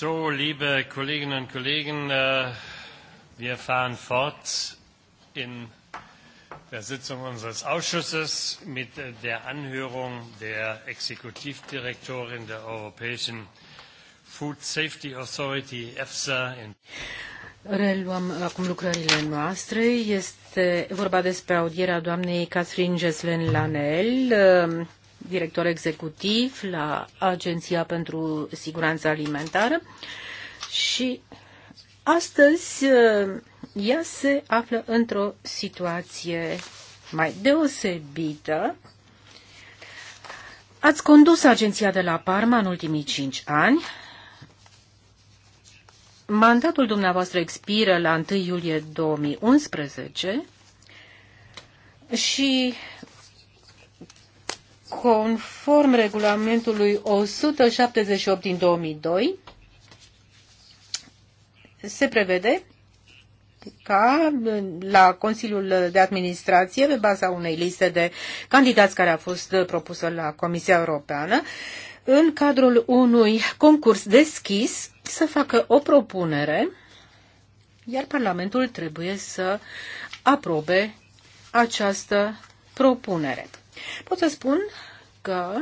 So, liebe Kolleginnen und Kollegen, äh, wir fahren fort in der Sitzung unseres Ausschusses mit äh, der Anhörung der Exekutivdirektorin der Europäischen Food Safety Authority, EFSA. In Reluăm acum lucrările noastre. Este vorba despre audierea doamnei Catherine Jeslen Lanel, director executiv la Agenția pentru Siguranța Alimentară și astăzi uh, ea se află într-o situație mai deosebită. Ați condus agenția de la Parma în ultimii cinci ani. Mandatul dumneavoastră expiră la 1 iulie 2011 și conform regulamentului 178 din 2002, se prevede ca la Consiliul de Administrație, pe baza unei liste de candidați care a fost propusă la Comisia Europeană, în cadrul unui concurs deschis să facă o propunere, iar Parlamentul trebuie să aprobe această propunere. Pot să spun că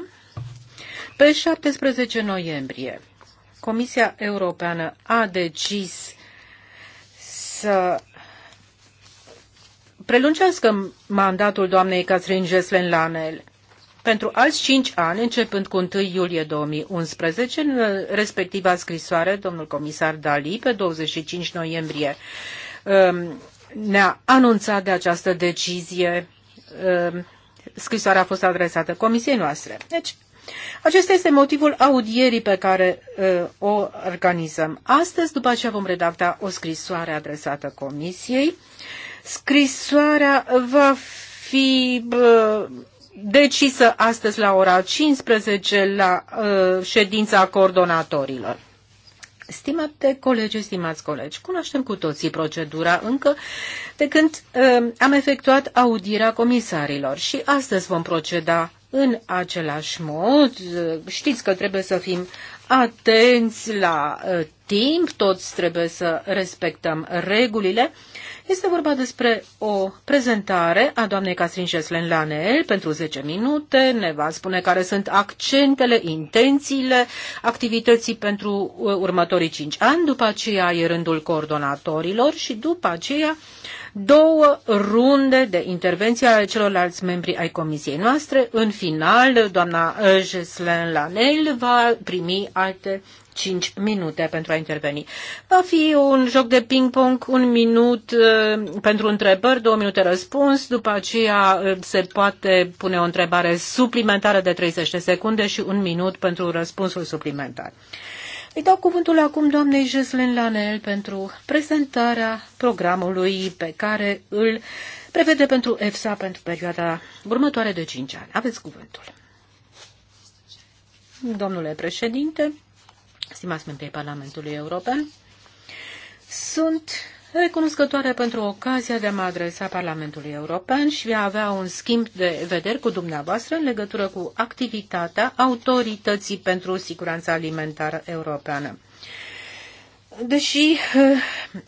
pe 17 noiembrie Comisia Europeană a decis să prelungească mandatul doamnei Catherine Jeslen Lanel pentru alți cinci ani, începând cu 1 iulie 2011, în respectiva scrisoare, domnul comisar Dali, pe 25 noiembrie, um, ne-a anunțat de această decizie um, scrisoarea a fost adresată comisiei noastre. Deci, acesta este motivul audierii pe care uh, o organizăm astăzi. După aceea vom redacta o scrisoare adresată comisiei. Scrisoarea va fi uh, decisă astăzi la ora 15 la uh, ședința coordonatorilor. Stimate colegi, stimați colegi, cunoaștem cu toții procedura încă de când uh, am efectuat audirea comisarilor și astăzi vom proceda în același mod. Știți că trebuie să fim atenți la uh, timp, toți trebuie să respectăm regulile. Uh, este vorba despre o prezentare a doamnei Catherine Jeslen Lanel pentru 10 minute. Ne va spune care sunt accentele, intențiile activității pentru uh, următorii 5 ani. După aceea e rândul coordonatorilor și după aceea două runde de intervenții ale celorlalți membri ai comisiei noastre. În final, doamna Jeslen eh, Lanel va primi alte 5 minute pentru a interveni. Va fi un joc de ping-pong, un minut eh, pentru întrebări, două minute răspuns, după aceea eh, se poate pune o întrebare suplimentară de 30 de secunde și un minut pentru răspunsul suplimentar. Îi dau cuvântul acum doamnei Jeslin Lanel pentru prezentarea programului pe care îl prevede pentru EFSA pentru perioada următoare de 5 ani. Aveți cuvântul. Domnule președinte, stimați membrii Parlamentului European, sunt recunoscătoare pentru ocazia de a mă adresa Parlamentului European și a avea un schimb de vederi cu dumneavoastră în legătură cu activitatea Autorității pentru Siguranța Alimentară Europeană. Deși eh,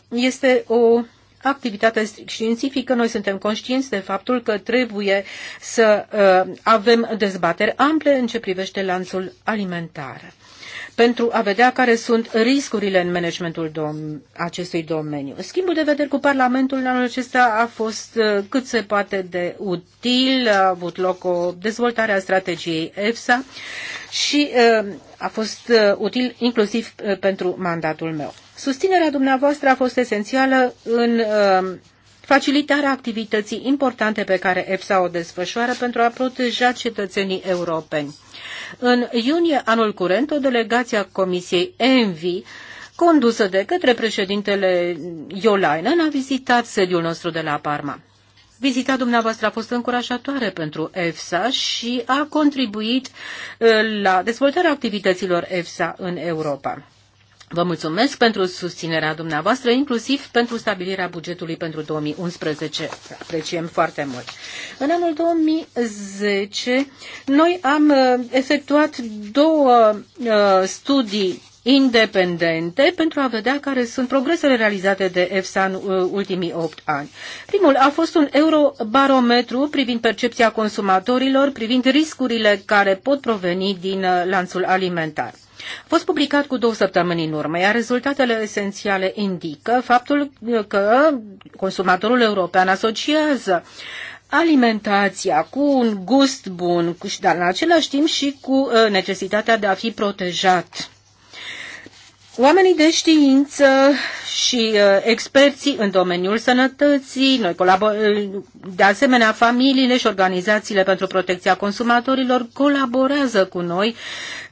este o activitate științifică, noi suntem conștienți de faptul că trebuie să eh, avem dezbateri ample în ce privește lanțul alimentar pentru a vedea care sunt riscurile în managementul dom- acestui domeniu. Schimbul de vederi cu Parlamentul în anul acesta a fost uh, cât se poate de util, a avut loc o dezvoltare a strategiei EFSA și uh, a fost uh, util inclusiv pentru mandatul meu. Susținerea dumneavoastră a fost esențială în facilitarea activității importante pe care EFSA o desfășoară pentru a proteja cetățenii europeni. În iunie anul curent, o delegație a Comisiei ENVI condusă de către președintele Iolainen, a vizitat sediul nostru de la Parma. Vizita dumneavoastră a fost încurajatoare pentru EFSA și a contribuit eh, la dezvoltarea activităților EFSA în Europa. Vă mulțumesc pentru susținerea dumneavoastră, inclusiv pentru stabilirea bugetului pentru 2011. Apreciem foarte mult. În anul 2010, noi am uh, efectuat două uh, studii independente pentru a vedea care sunt progresele realizate de EFSA în uh, ultimii 8 ani. Primul a fost un eurobarometru privind percepția consumatorilor, privind riscurile care pot proveni din lanțul alimentar. A fost publicat cu două săptămâni în urmă, iar rezultatele esențiale indică faptul că consumatorul european asociază alimentația cu un gust bun, dar în același timp și cu uh, necesitatea de a fi protejat. Oamenii de știință și uh, experții în domeniul sănătății, noi uh, de asemenea familiile și organizațiile pentru protecția consumatorilor colaborează cu noi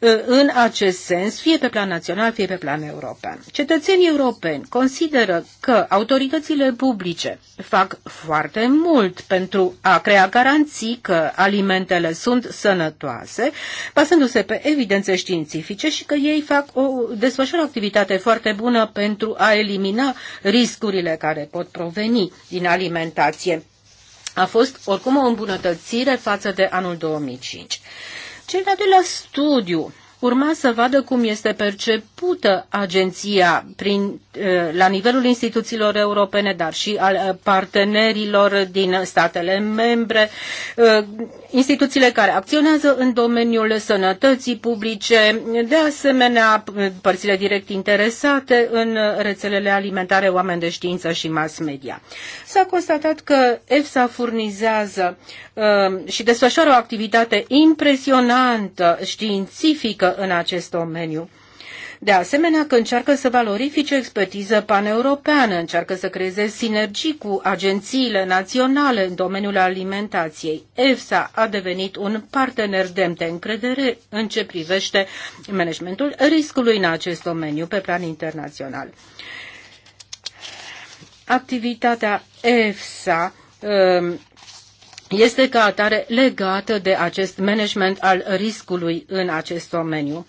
Ă, în acest sens, fie pe plan național, fie pe plan european. Cetățenii europeni consideră că autoritățile publice fac foarte mult pentru a crea garanții că alimentele sunt sănătoase, basându-se pe evidențe științifice și că ei fac o desfășoară activitate foarte bună pentru a elimina riscurile care pot proveni din alimentație. A fost oricum o îmbunătățire față de anul 2005. Cel de-al doilea studiu urma să vadă cum este percepută agenția prin, eh, la nivelul instituțiilor europene, dar și al eh, partenerilor din statele membre, eh, instituțiile care acționează în domeniul sănătății publice, de asemenea părțile direct interesate în rețelele alimentare, oameni de știință și mass media. S-a constatat că EFSA furnizează um, și desfășoară o activitate impresionantă științifică în acest domeniu de asemenea că încearcă să valorifice expertiză paneuropeană, încearcă să creeze sinergii cu agențiile naționale în domeniul alimentației. EFSA a devenit un partener demn de încredere în ce privește managementul riscului în acest domeniu pe plan internațional. Activitatea EFSA um, este ca atare legată de acest management al riscului în acest domeniu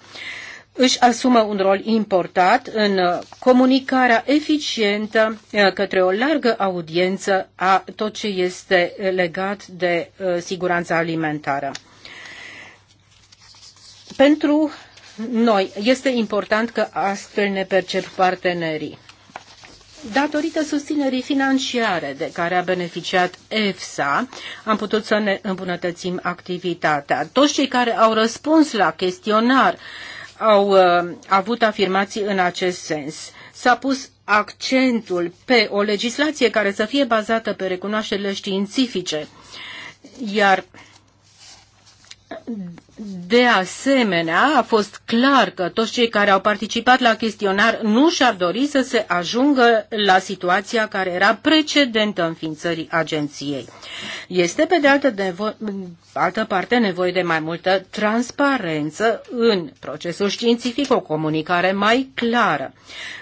își asumă un rol important în uh, comunicarea eficientă uh, către o largă audiență a tot ce este uh, legat de siguranța alimentară. Pentru noi este important că astfel ne percep partenerii. Datorită susținerii financiare de care a beneficiat EFSA, am putut să ne îmbunătățim activitatea. Toți cei care au răspuns la chestionar uh, au uh, avut afirmații în acest sens. S-a pus accentul pe o legislație care să fie bazată pe recunoașterile științifice, iar uh, de asemenea, a fost clar că toți cei care au participat la chestionar nu și-ar dori să se ajungă la situația care era precedentă înființării agenției. Este, pe de altă, altă parte, nevoie de mai multă transparență în procesul științific, o comunicare mai clară.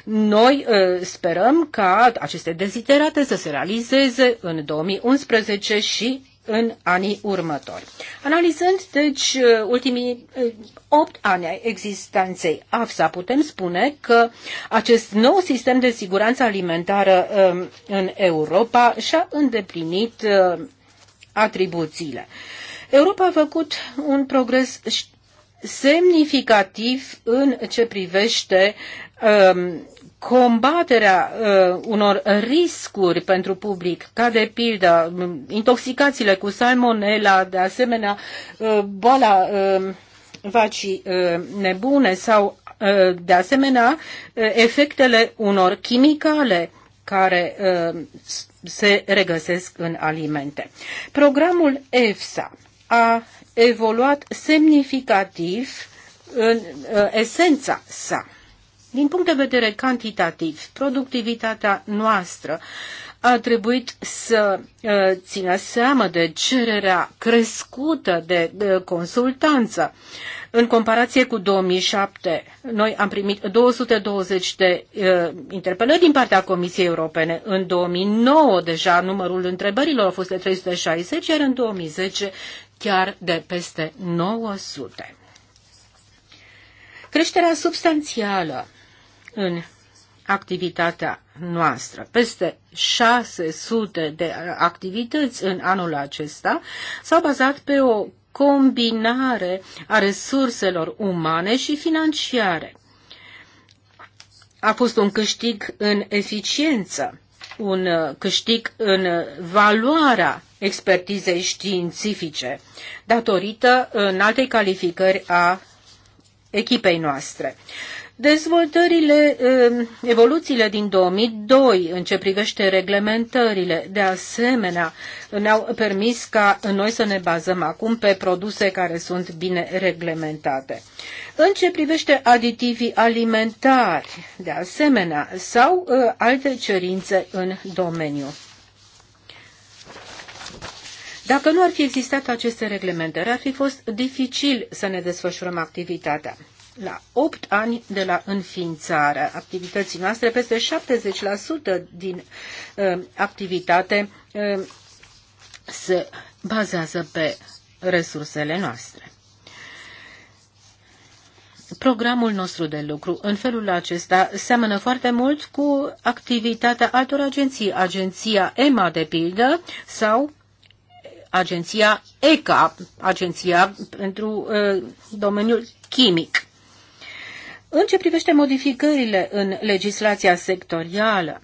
Noi uh, sperăm ca aceste deziterate să se realizeze în 2011 și în anii următori. Analizând, deci, uh, ultimii uh, opt ani ai existenței AFSA, putem spune că acest nou sistem de siguranță alimentară um, în Europa și-a îndeplinit uh, atribuțiile. Europa a făcut un progres semnificativ în ce privește um, combaterea uh, unor riscuri pentru public, ca de pildă intoxicațiile cu salmonella, de asemenea uh, boala uh, vacii uh, nebune sau uh, de asemenea uh, efectele unor chimicale care uh, se regăsesc în alimente. Programul EFSA a evoluat semnificativ în uh, esența sa din punct de vedere cantitativ, productivitatea noastră a trebuit să uh, țină seamă de cererea crescută de consultanță. În comparație cu 2007, noi am primit 220 de uh, interpelări din partea Comisiei Europene. În 2009 deja numărul întrebărilor a fost de 360, iar în 2010 chiar de peste 900. Creșterea substanțială în activitatea noastră. Peste 600 de activități în anul acesta s-au bazat pe o combinare a resurselor umane și financiare. A fost un câștig în eficiență, un câștig în valoarea expertizei științifice, datorită în alte calificări a echipei noastre. Dezvoltările, um, evoluțiile din 2002 în ce privește reglementările, de asemenea, ne-au permis ca noi să ne bazăm acum pe produse care sunt bine reglementate. În ce privește aditivii alimentari, de asemenea, sau uh, alte cerințe în domeniu. Dacă nu ar fi existat aceste reglementări, ar fi fost dificil să ne desfășurăm activitatea la 8 ani de la înființarea activității noastre, peste 70% din uh, activitate uh, se bazează pe resursele noastre. Programul nostru de lucru în felul acesta seamănă foarte mult cu activitatea altor agenții, agenția EMA de pildă sau agenția ECA, agenția pentru uh, domeniul chimic. În ce privește modificările în legislația sectorială,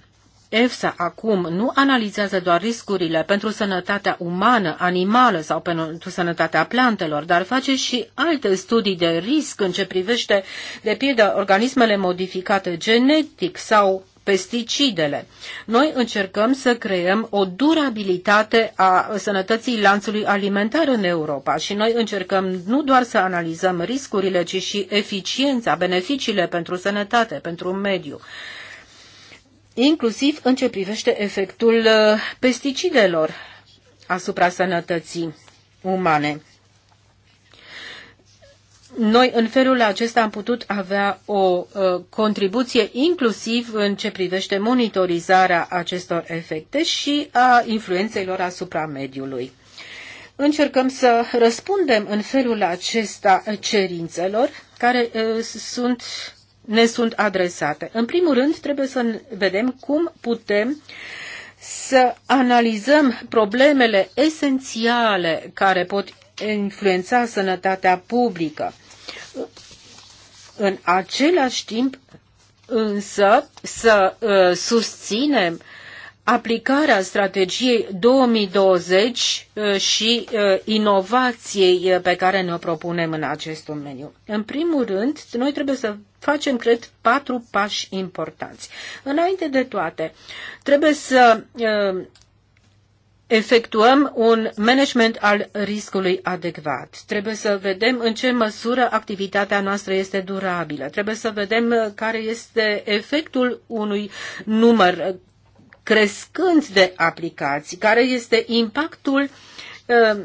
EFSA acum nu analizează doar riscurile pentru sănătatea umană, animală sau pentru sănătatea plantelor, dar face și alte studii de risc în ce privește, de pildă, organismele modificate genetic sau pesticidele. Noi încercăm să creăm o durabilitate a sănătății lanțului alimentar în Europa și noi încercăm nu doar să analizăm riscurile, ci și eficiența, beneficiile pentru sănătate, pentru mediu inclusiv în ce privește efectul uh, pesticidelor asupra sănătății umane noi în felul acesta am putut avea o uh, contribuție inclusiv în ce privește monitorizarea acestor efecte și a influenței lor asupra mediului. Încercăm să răspundem în felul acesta cerințelor care uh, sunt, ne sunt adresate. În primul rând, trebuie să vedem cum putem să analizăm problemele esențiale care pot influența sănătatea publică. În același timp, însă, să uh, susținem aplicarea strategiei 2020 uh, și uh, inovației uh, pe care ne-o propunem în acest domeniu. În primul rând, noi trebuie să facem, cred, patru pași importanți. Înainte de toate, trebuie să efectuăm un management al riscului adecvat. Trebuie să vedem în ce măsură activitatea noastră este durabilă. Trebuie să vedem uh, care este efectul unui număr crescând de aplicații, care este impactul uh,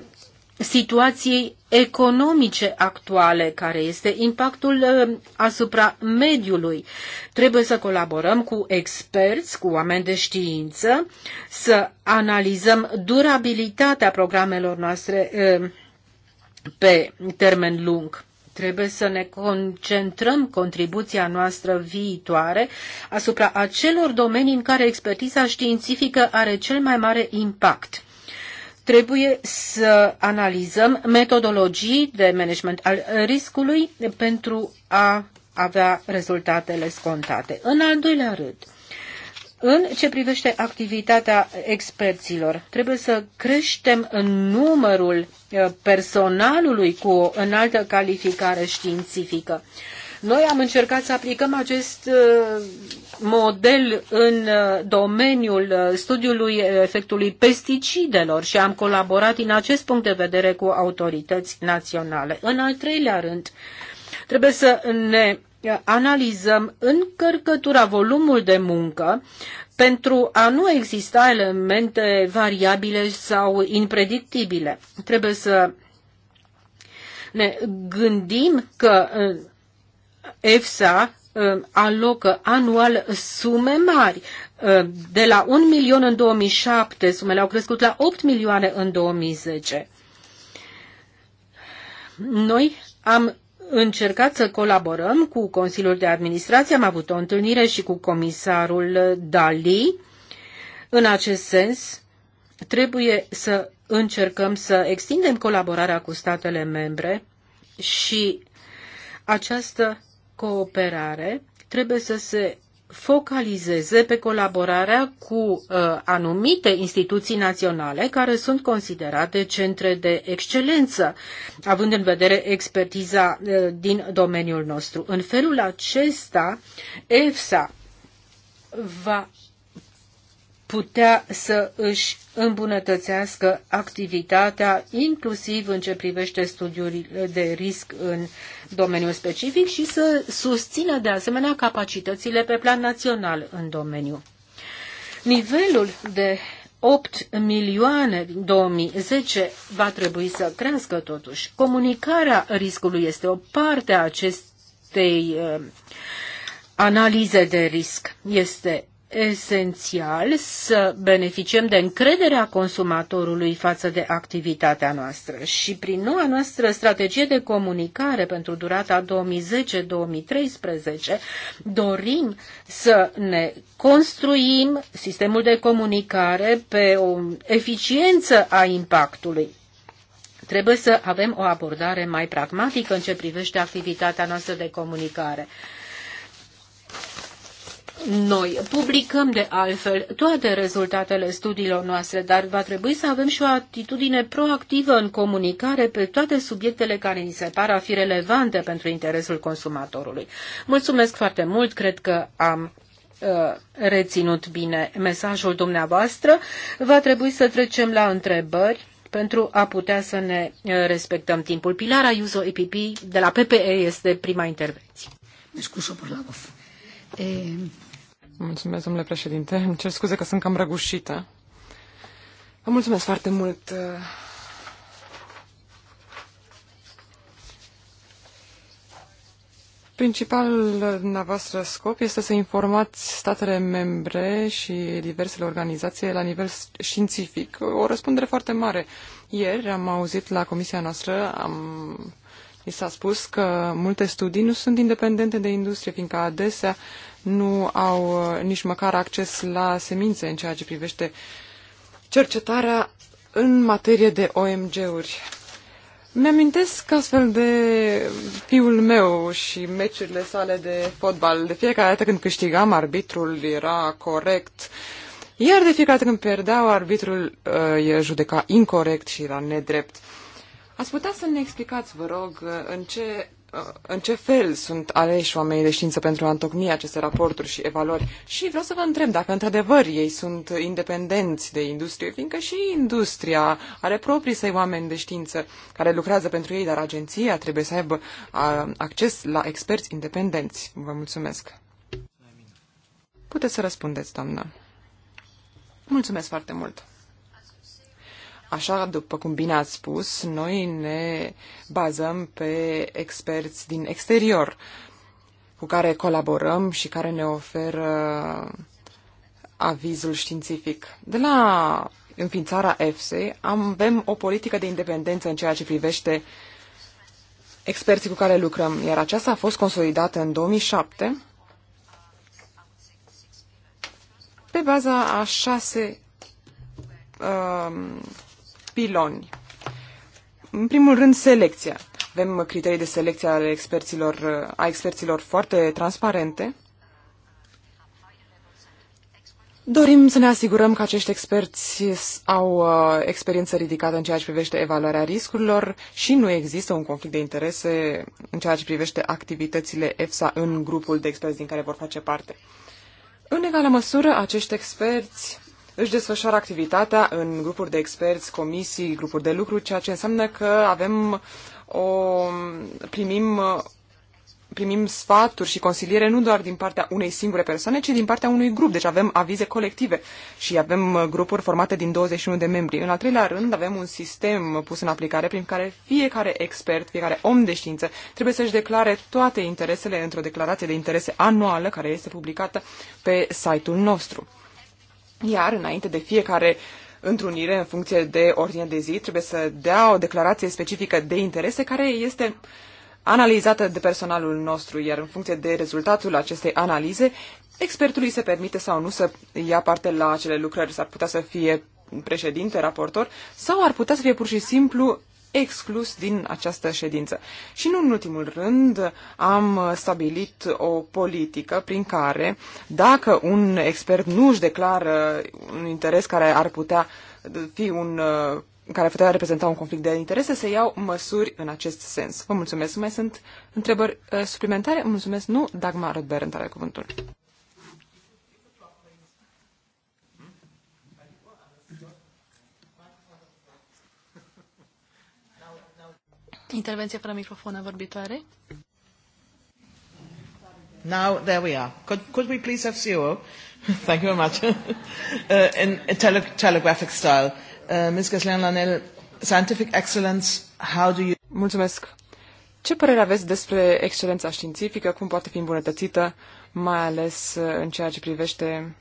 situației economice actuale, care este impactul uh, asupra mediului. Trebuie să colaborăm cu experți, cu oameni de știință, să analizăm durabilitatea programelor noastre uh, pe termen lung. Trebuie să ne concentrăm contribuția noastră viitoare asupra acelor domenii în care expertiza științifică are cel mai mare impact. Trebuie să analizăm metodologii de management al riscului pentru a avea rezultatele scontate. În al doilea rând, în ce privește activitatea experților, trebuie să creștem în numărul eh, personalului cu o înaltă calificare științifică. Noi am încercat să aplicăm acest eh, model în uh, domeniul uh, studiului efectului pesticidelor și am colaborat din acest punct de vedere cu autorități naționale. În al treilea rând, trebuie să ne uh, analizăm încărcătura, volumul de muncă pentru a nu exista elemente variabile sau impredictibile. Trebuie să ne gândim că EFSA Uh, alocă anual sume mari. Uh, de la 1 milion în 2007, sumele au crescut la 8 milioane în 2010. Noi am încercat să colaborăm cu Consiliul de Administrație, am avut o întâlnire și cu comisarul Dali. În acest sens, trebuie să încercăm să extindem colaborarea cu statele membre și această cooperare trebuie să se focalizeze pe colaborarea cu uh, anumite instituții naționale care sunt considerate centre de excelență, având în vedere expertiza uh, din domeniul nostru. În felul acesta, EFSA va putea să își îmbunătățească activitatea, inclusiv în ce privește studiurile de risc în domeniul specific și să susțină de asemenea capacitățile pe plan național în domeniu. Nivelul de 8 milioane din 2010 va trebui să crească totuși. Comunicarea riscului este o parte a acestei uh, analize de risc. Este esențial să beneficiem de încrederea consumatorului față de activitatea noastră și prin noua noastră strategie de comunicare pentru durata 2010-2013 dorim să ne construim sistemul de comunicare pe o eficiență a impactului trebuie să avem o abordare mai pragmatică în ce privește activitatea noastră de comunicare. Noi publicăm de altfel toate rezultatele studiilor noastre, dar va trebui să avem și o atitudine proactivă în comunicare pe toate subiectele care ni se par a fi relevante pentru interesul consumatorului. Mulțumesc foarte mult, cred că am uh, reținut bine mesajul dumneavoastră. Va trebui să trecem la întrebări pentru a putea să ne uh, respectăm timpul. Pilara Iuzo EPP de la PPE este prima intervenție. Mă Eh, Mulțumesc, domnule președinte. Îmi cer scuze că sunt cam răgușită. Vă mulțumesc foarte mult. Uh, principalul dumneavoastră scop este să informați statele membre și diversele organizații la nivel științific. O răspundere foarte mare. Ieri am auzit la comisia noastră, am, mi s-a spus că multe studii nu sunt independente de industrie, fiindcă adesea nu au uh, nici măcar acces la semințe în ceea ce privește cercetarea în materie de OMG-uri. Mi-amintesc astfel de fiul meu și meciurile sale de fotbal. De fiecare dată când câștigam, arbitrul era corect. Iar de fiecare dată când pierdeau, arbitrul uh, judeca incorrect și era nedrept. Ați putea să ne explicați, vă rog, uh, în ce în ce fel sunt aleși oamenii de știință pentru a întocmi aceste raporturi și evaluări. Și vreau să vă întreb dacă într-adevăr ei sunt independenți de industrie, fiindcă și industria are proprii săi oameni de știință care lucrează pentru ei, dar agenția trebuie să aibă acces la experți independenți. Vă mulțumesc. Puteți să răspundeți, doamnă. Mulțumesc foarte mult. Așa, după cum bine ați spus, noi ne bazăm pe experți din exterior cu care colaborăm și care ne oferă avizul științific. De la înființarea EFSE avem o politică de independență în ceea ce privește experții cu care lucrăm, iar aceasta a fost consolidată în 2007 pe baza a șase um, piloni. În primul rând, selecția. Avem criterii de selecție ale experților, a experților foarte transparente. Dorim să ne asigurăm că acești experți au uh, experiență ridicată în ceea ce privește evaluarea riscurilor și nu există un conflict de interese în ceea ce privește activitățile EFSA în grupul de experți din care vor face parte. În egală măsură, acești experți își desfășoară activitatea în grupuri de experți, comisii, grupuri de lucru, ceea ce înseamnă că avem o, primim, primim sfaturi și consiliere nu doar din partea unei singure persoane, ci din partea unui grup. Deci avem avize colective și avem grupuri formate din 21 de membri. În al treilea rând, avem un sistem pus în aplicare prin care fiecare expert, fiecare om de știință trebuie să-și declare toate interesele într-o declarație de interese anuală care este publicată pe site-ul nostru. Iar înainte de fiecare întrunire, în funcție de ordine de zi, trebuie să dea o declarație specifică de interese care este analizată de personalul nostru, iar în funcție de rezultatul acestei analize, expertului se permite sau nu să ia parte la acele lucrări. S-ar putea să fie președinte, raportor, sau ar putea să fie pur și simplu exclus din această ședință. Și nu în ultimul rând am stabilit o politică prin care dacă un expert nu își declară un interes care ar putea fi un uh, care ar putea reprezenta un conflict de interese, se iau măsuri în acest sens. Vă mulțumesc. Mai sunt întrebări uh, suplimentare? Mulțumesc. Nu, Dagmar Rodberent are cuvântul. Intervenție fără microfon a vorbitoare. Now, there we are. Could, could we please have CEO? Thank you very much. uh, in a tele telegraphic style. Uh, Ms. Gaslian Lanel, scientific excellence, how do you... Mulțumesc. Ce părere aveți despre excelența științifică, cum poate fi îmbunătățită, mai ales uh, în ceea ce privește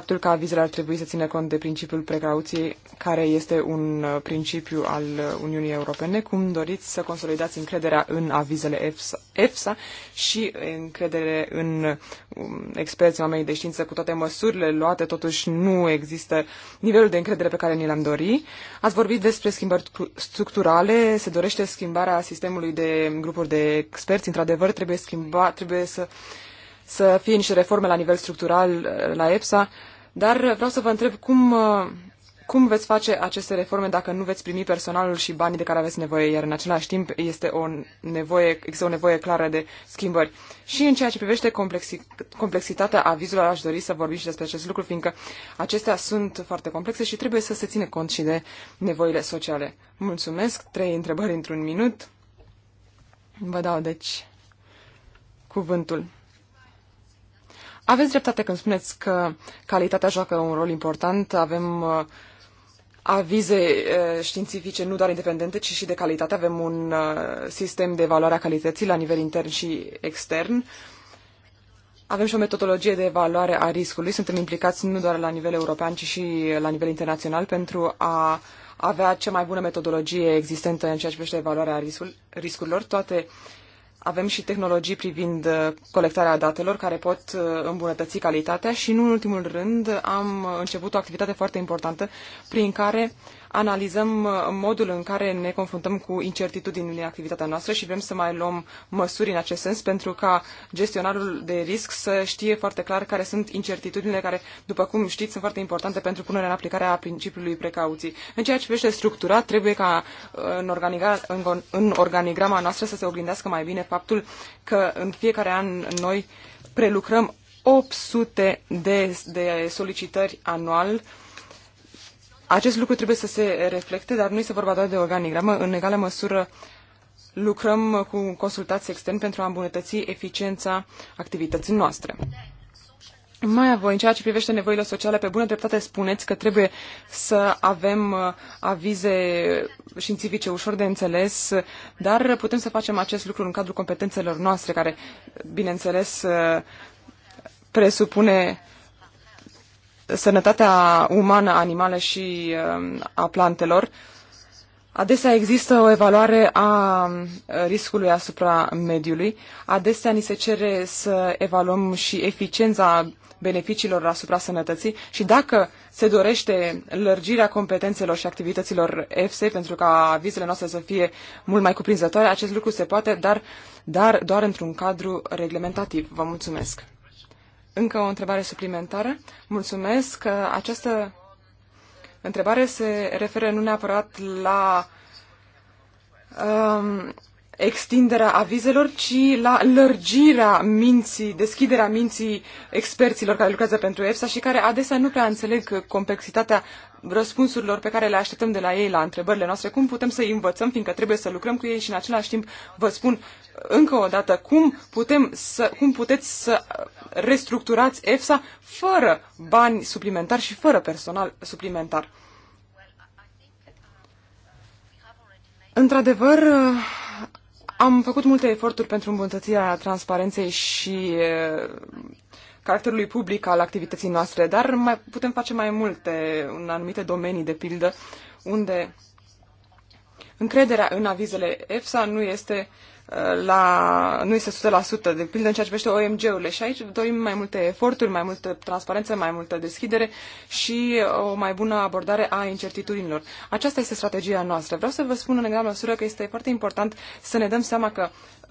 faptul că avizele ar trebui să țină cont de principiul precauției, care este un uh, principiu al uh, Uniunii Europene, cum doriți să consolidați încrederea în avizele EFSA, EFSA și încredere în um, experții oamenii de știință, cu toate măsurile luate, totuși nu există nivelul de încredere pe care ni l-am dori. Ați vorbit despre schimbări structurale, se dorește schimbarea sistemului de grupuri de experți, într-adevăr trebuie, schimba, trebuie să să fie niște reforme la nivel structural uh, la EPSA, dar vreau să vă întreb cum, uh, cum veți face aceste reforme dacă nu veți primi personalul și banii de care aveți nevoie, iar în același timp este o nevoie, există o nevoie clară de schimbări. Și în ceea ce privește complexi, complexitatea avizului, aș dori să vorbim și despre acest lucru, fiindcă acestea sunt foarte complexe și trebuie să se ține cont și de nevoile sociale. Mulțumesc, trei întrebări într-un minut. Vă dau, deci, cuvântul. Aveți dreptate când spuneți că calitatea joacă un rol important. Avem uh, avize uh, științifice nu doar independente, ci și de calitate. Avem un uh, sistem de evaluare a calității la nivel intern și extern. Avem și o metodologie de evaluare a riscului. Suntem implicați nu doar la nivel european, ci și la nivel internațional pentru a avea cea mai bună metodologie existentă în ceea ce privește evaluarea riscul, riscurilor. Toate uh, avem și tehnologii privind uh, colectarea datelor care pot uh, îmbunătăți calitatea și, nu în ultimul rând, am început o activitate foarte importantă prin care analizăm uh, modul în care ne confruntăm cu incertitudinile în activitatea noastră și vrem să mai luăm măsuri în acest sens pentru ca gestionarul de risc să știe foarte clar care sunt incertitudinile care, după cum știți, sunt foarte importante pentru punerea în aplicare a principiului precauții. În ceea ce privește structura, trebuie ca uh, în, în, în organigrama noastră să se oglindească mai bine faptul că în fiecare an noi prelucrăm 800 de, de solicitări anual uh, acest lucru trebuie să se reflecte, dar nu este vorba doar de organigramă. În egală măsură lucrăm cu consultați externi pentru a îmbunătăți eficiența activității noastre. Mai apoi, în ceea ce privește nevoile sociale, pe bună dreptate spuneți că trebuie să avem uh, avize științifice ușor de înțeles, dar putem să facem acest lucru în cadrul competențelor noastre, care, bineînțeles, uh, presupune sănătatea umană a animale și um, a plantelor, adesea există o evaluare a um, riscului asupra mediului, adesea ni se cere să evaluăm și eficiența beneficiilor asupra sănătății și dacă se dorește lărgirea competențelor și activităților EFSE pentru ca vizele noastre să fie mult mai cuprinzătoare, acest lucru se poate, dar, dar doar într-un cadru reglementativ. Vă mulțumesc! Încă o întrebare suplimentară. Mulțumesc că această întrebare se referă nu neapărat la um, extinderea avizelor, ci la lărgirea minții, deschiderea minții experților care lucrează pentru EFSA și care adesea nu prea înțeleg complexitatea răspunsurilor pe care le așteptăm de la ei la întrebările noastre, cum putem să-i învățăm, fiindcă trebuie să lucrăm cu ei și în același timp vă spun încă o dată cum, putem să, cum puteți să restructurați EFSA fără bani suplimentari și fără personal suplimentar. Într-adevăr, am făcut multe eforturi pentru îmbunătățirea transparenței și caracterului public al activității noastre, dar mai putem face mai multe în anumite domenii, de pildă, unde încrederea în avizele EFSA nu este uh, la, nu este 100%, de pildă în ceea ce privește OMG-urile. Și aici dorim mai multe eforturi, mai multă transparență, mai multă deschidere și uh, o mai bună abordare a incertitudinilor. Aceasta este strategia noastră. Vreau să vă spun în egală măsură că este foarte important să ne dăm seama că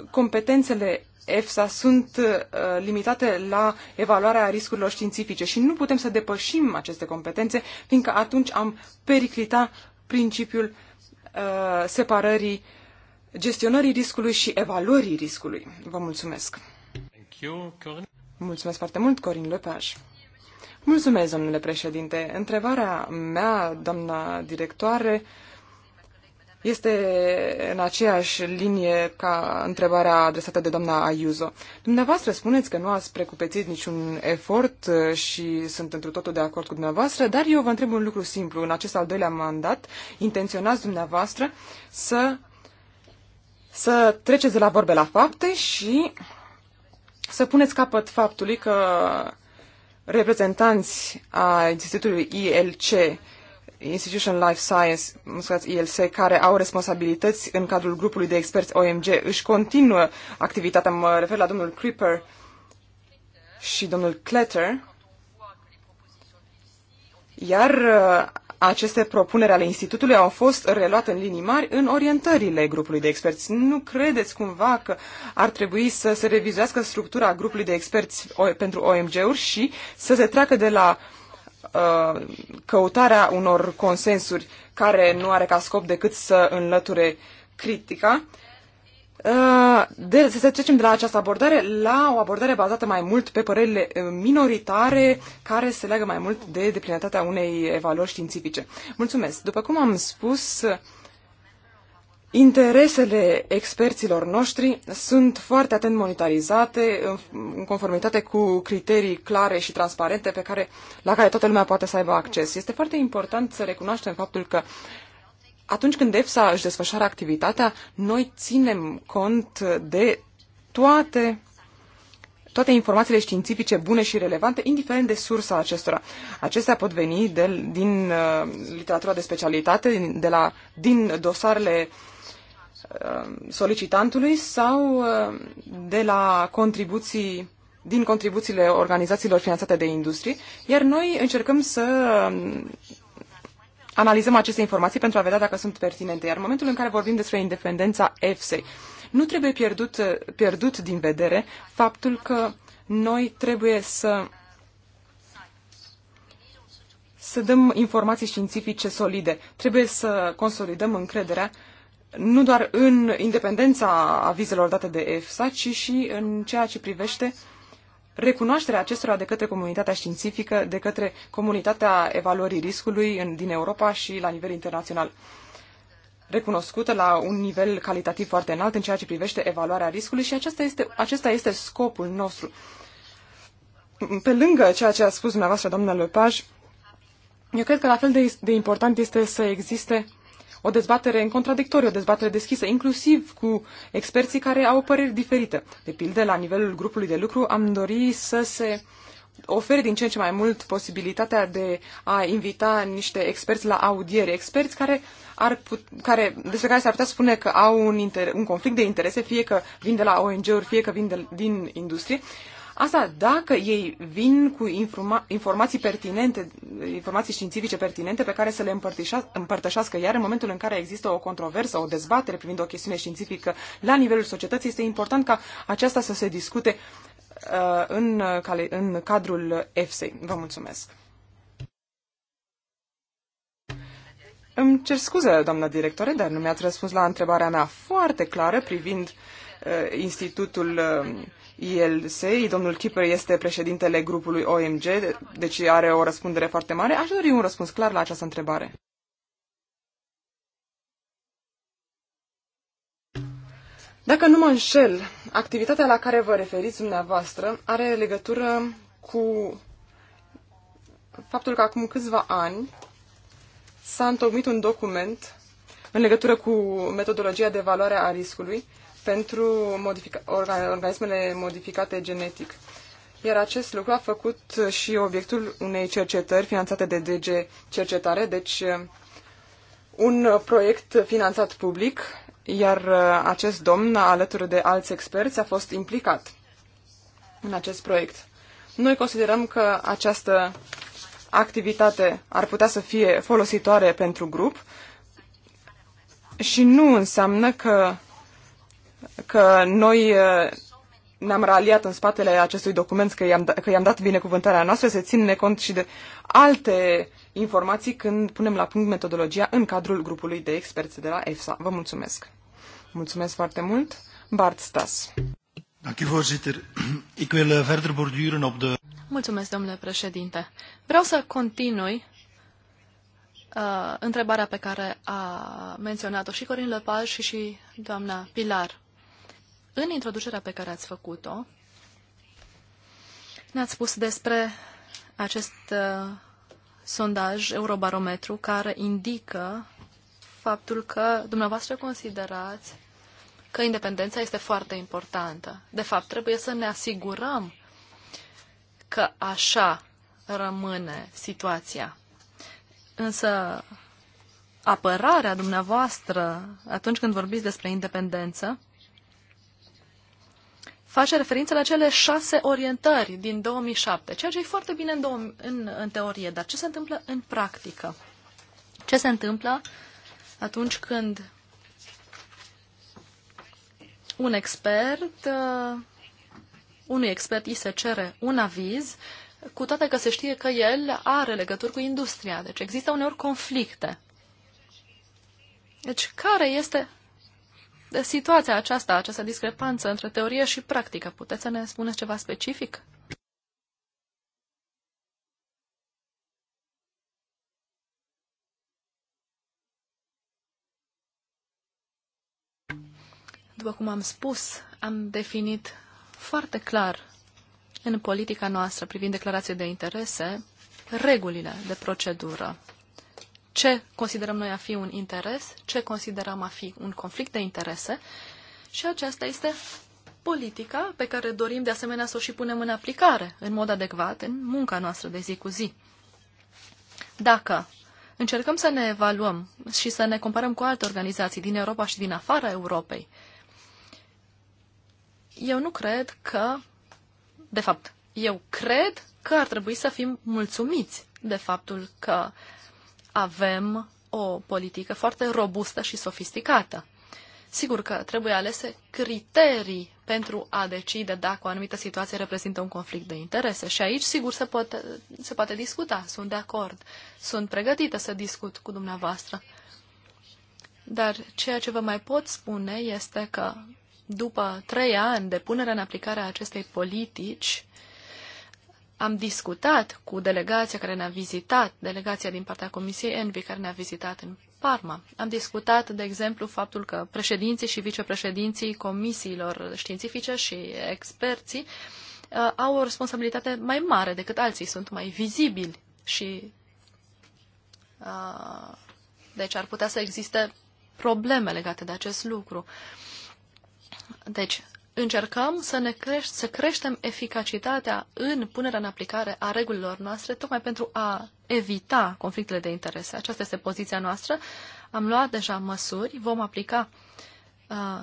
competențele EFSA sunt uh, limitate la evaluarea riscurilor științifice și nu putem să depășim aceste competențe, fiindcă atunci am periclita principiul uh, separării uh, gestionării riscului și evaluării riscului. Vă mulțumesc! Thank you, Corin. Mulțumesc foarte mult, Corin Lepaj! Mulțumesc, domnule președinte! Întrebarea mea, doamna directoare, este în aceeași linie ca întrebarea adresată de doamna Ayuso. Dumneavoastră spuneți că nu ați precupețit niciun efort și sunt într totul de acord cu dumneavoastră, dar eu vă întreb un lucru simplu. În acest al doilea mandat intenționați dumneavoastră să să treceți de la vorbe la fapte și să puneți capăt faptului că reprezentanți a Institutului ILC, Institution Life Science, scuzați, ILC, care au responsabilități în cadrul grupului de experți OMG, își continuă activitatea. Mă refer la domnul Creeper și domnul Clatter, Iar aceste propuneri ale Institutului au fost reluate în linii mari în orientările grupului de experți. Nu credeți cumva că ar trebui să se revizuiască structura grupului de experți pentru OMG-uri și să se treacă de la uh, căutarea unor consensuri care nu are ca scop decât să înlăture critica Uh, de, să trecem de la această abordare la o abordare bazată mai mult pe părerile uh, minoritare care se leagă mai mult de deplinătatea unei evaluări științifice. Mulțumesc! După cum am spus, Interesele experților noștri sunt foarte atent monitorizate în conformitate cu criterii clare și transparente pe care, la care toată lumea poate să aibă acces. Este foarte important să recunoaștem faptul că atunci când EFSA își desfășoară activitatea, noi ținem cont de toate toate informațiile științifice bune și relevante, indiferent de sursa acestora. Acestea pot veni de, din uh, literatura de specialitate, din, de la, din dosarele uh, solicitantului sau uh, de la contribuții din contribuțiile organizațiilor finanțate de industrie, iar noi încercăm să analizăm aceste informații pentru a vedea dacă sunt pertinente. Iar în momentul în care vorbim despre independența EFSEI, nu trebuie pierdut, pierdut din vedere faptul că noi trebuie să să dăm informații științifice solide. Trebuie să consolidăm încrederea nu doar în independența avizelor date de EFSA, ci și în ceea ce privește uh, recunoașterea acestora de către comunitatea științifică, de către comunitatea evaluării riscului în, din Europa și la nivel internațional recunoscută la un nivel calitativ foarte înalt în ceea ce privește evaluarea riscului și acesta este, acesta este scopul nostru. Pe lângă ceea ce a spus dumneavoastră, doamna Lepaj, eu cred că la fel de, de important este să existe uh, o dezbatere în contradictoriu, o dezbatere deschisă, inclusiv cu experții care au păreri diferite. De pildă, la nivelul grupului de lucru am dorit să se ofere din ce în ce mai mult posibilitatea de a invita niște experți la audiere, experți care ar put, care, despre care s-ar putea spune că au un, inter, un conflict de interese, fie că vin de la ONG-uri, fie că vin de, din industrie, Asta dacă ei vin cu informa- informații pertinente, informații științifice pertinente pe care să le împărtășească, iar în momentul în care există o controversă, o dezbatere privind o chestiune științifică la nivelul societății, este important ca aceasta să se discute uh, în, uh, în cadrul EFSEI. Vă mulțumesc! Îmi cer scuze, doamna directore, dar nu mi-ați răspuns la întrebarea mea foarte clară privind uh, Uh, institutul ILSEI, uh, domnul Kipper este președintele grupului OMG, deci are o răspundere foarte mare. Aș dori un răspuns clar la această întrebare. Dacă nu mă înșel, activitatea la care vă referiți dumneavoastră are legătură cu faptul că acum câțiva ani s-a întocmit un document în legătură cu metodologia de valoare a riscului pentru modifica- organismele modificate genetic. Iar acest lucru a făcut uh, și obiectul unei cercetări finanțate de DG Cercetare, deci uh, un uh, proiect finanțat public, iar acest domn, alături de alți experți, a fost implicat în acest proiect. Noi considerăm că această activitate ar putea să fie folositoare pentru grup și nu înseamnă că că noi uh, ne-am raliat în spatele acestui document, că i-am, da- că i-am dat binecuvântarea noastră, se ține cont și de alte informații când punem la punct metodologia în cadrul grupului de experți de la EFSA. Vă mulțumesc! Mulțumesc foarte mult! Bart Stas. Eh, mulțumesc, domnule președinte. Vreau să continui uh, întrebarea pe care a menționat-o și Corin Lepaj și și doamna Pilar. În introducerea pe care ați făcut-o, ne-ați spus despre acest uh, sondaj Eurobarometru care indică faptul că dumneavoastră considerați că independența este foarte importantă. De fapt, trebuie să ne asigurăm că așa rămâne situația. Însă, apărarea dumneavoastră atunci când vorbiți despre independență face referință la cele șase orientări din 2007, ceea ce e foarte bine în, în, în teorie, dar ce se întâmplă în practică? Ce se întâmplă atunci când un expert, uh, unui expert îi se cere un aviz, cu toate că se știe că el are legături cu industria. Deci există uneori conflicte. Deci care este situația aceasta, această discrepanță între teorie și practică. Puteți să ne spuneți ceva specific? După cum am spus, am definit foarte clar în politica noastră privind declarații de interese regulile de procedură ce considerăm noi a fi un interes, ce considerăm a fi un conflict de interese și aceasta este politica pe care dorim de asemenea să o și punem în aplicare, în mod adecvat, în munca noastră de zi cu zi. Dacă încercăm să ne evaluăm și să ne comparăm cu alte organizații din Europa și din afara Europei, eu nu cred că, de fapt, eu cred că ar trebui să fim mulțumiți de faptul că avem o politică foarte robustă și sofisticată. Sigur că trebuie alese criterii pentru a decide dacă o anumită situație reprezintă un conflict de interese. Și aici, sigur, se poate, se poate discuta. Sunt de acord. Sunt pregătită să discut cu dumneavoastră. Dar ceea ce vă mai pot spune este că după trei ani de punere în aplicare a acestei politici, uh, am discutat cu delegația care ne-a vizitat, delegația din partea Comisiei Envi care ne-a vizitat în Parma. Am discutat, de exemplu, faptul că președinții și vicepreședinții comisiilor științifice și experții uh, au o responsabilitate mai mare decât alții, sunt mai vizibili și uh, deci ar putea să existe probleme legate de acest lucru. Deci, încercăm să, ne creș- să creștem eficacitatea în punerea în aplicare a regulilor noastre, tocmai pentru a evita conflictele de interese. Aceasta este poziția noastră. Am luat deja măsuri, vom aplica uh,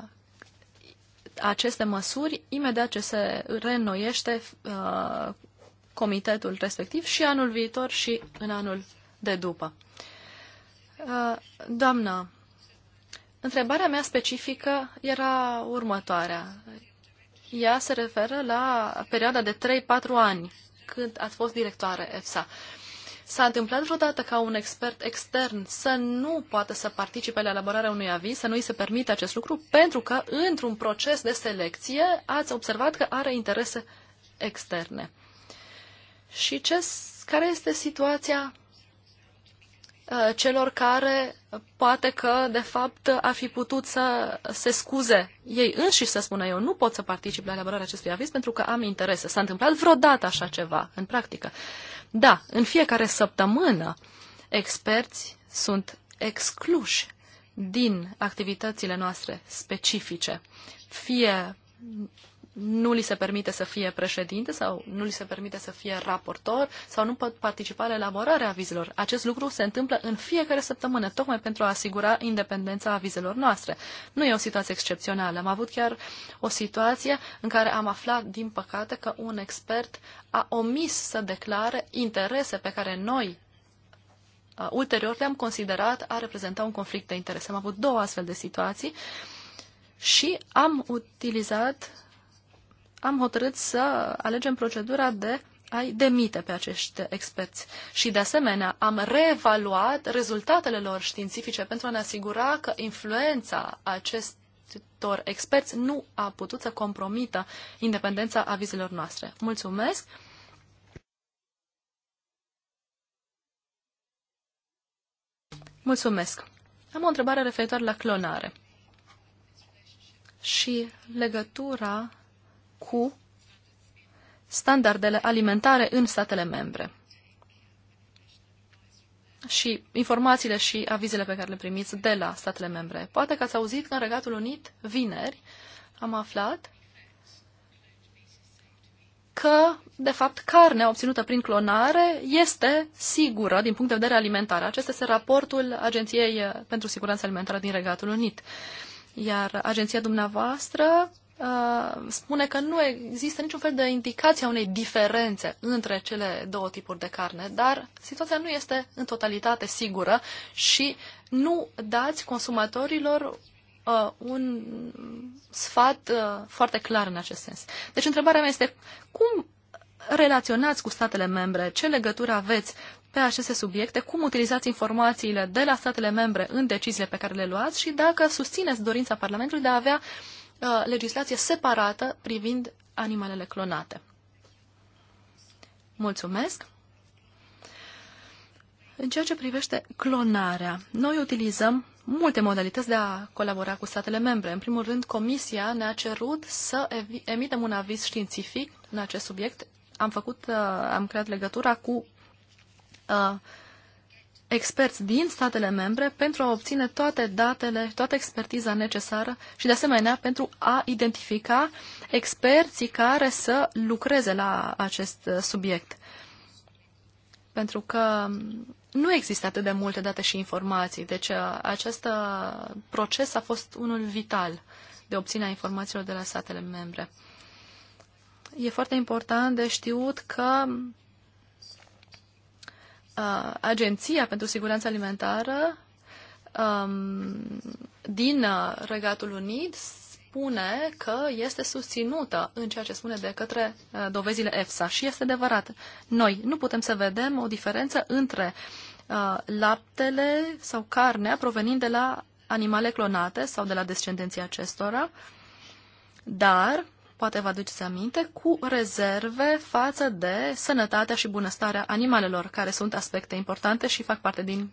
aceste măsuri imediat ce se reînnoiește uh, comitetul respectiv și anul viitor și în anul de după. Uh, doamna Întrebarea mea specifică era următoarea. Ea se referă la perioada de 3-4 ani când ați fost directoare EFSA. S-a întâmplat vreodată ca un expert extern să nu poată să participe la elaborarea unui aviz, să nu îi se permite acest lucru, pentru că într-un proces de selecție ați observat că are interese externe. Și ce, care este situația Uh, celor care poate că, de fapt, ar fi putut să se scuze ei înșiși, să spună eu, nu pot să particip la elaborarea acestui aviz pentru că am interese. S-a întâmplat vreodată așa ceva în practică. Da, în fiecare săptămână experți sunt excluși din activitățile noastre specifice, fie nu li se permite să fie președinte sau nu li se permite să fie raportor sau nu pot participa la elaborarea avizelor. Acest lucru se întâmplă în fiecare săptămână, tocmai pentru a asigura independența avizelor noastre. Nu e o situație excepțională. Am avut chiar o situație în care am aflat, din păcate, că un expert a omis să declare interese pe care noi uh, ulterior le-am considerat a reprezenta un conflict de interese. Am avut două astfel de situații. Uh, și am utilizat, am hotărât să alegem procedura de ai demite pe acești experți. Și, de asemenea, am reevaluat rezultatele lor științifice pentru a ne asigura că influența acestor experți nu a putut să compromită independența avizelor noastre. Mulțumesc! Mulțumesc! Am o întrebare referitoare la clonare și legătura cu standardele alimentare în statele membre. Și informațiile și avizele pe care le primiți de la statele membre. Poate că ați auzit că în Regatul Unit, vineri, am aflat că, de fapt, carnea obținută prin clonare este sigură din punct de vedere alimentar. Acesta este raportul Agenției pentru Siguranță Alimentară din Regatul Unit. Uh, iar agenția dumneavoastră uh, spune că nu există niciun fel de indicație a unei diferențe între cele două tipuri de carne, dar situația nu este în totalitate sigură și nu dați consumatorilor uh, un sfat uh, foarte clar în acest sens. Deci întrebarea mea este cum relaționați cu statele membre, ce legătură aveți pe aceste subiecte, cum utilizați informațiile de la statele membre în deciziile pe care le luați și dacă susțineți dorința Parlamentului de a avea uh, legislație separată privind animalele clonate. Mulțumesc! În ceea ce privește clonarea, noi utilizăm multe modalități de a colabora cu statele membre. În primul rând, Comisia ne-a cerut să emitem un aviz științific în acest subiect. Am, făcut, uh, am creat legătura cu uh, experți din statele membre pentru a obține toate datele, toată expertiza necesară și, de asemenea, pentru a identifica experții care să lucreze la acest uh, subiect. Pentru că nu există atât de multe date și informații, deci uh, acest uh, proces a fost unul vital de obținerea informațiilor de la statele membre. E foarte important de știut că uh, Agenția pentru Siguranță Alimentară um, din uh, Regatul Unit spune că este susținută în ceea ce spune de către uh, dovezile EFSA și este adevărat. Noi nu putem să vedem o diferență între uh, laptele sau carnea provenind de la animale clonate sau de la descendenții acestora, dar poate vă aduceți aminte, cu rezerve față de sănătatea și bunăstarea animalelor, care sunt aspecte importante și fac parte din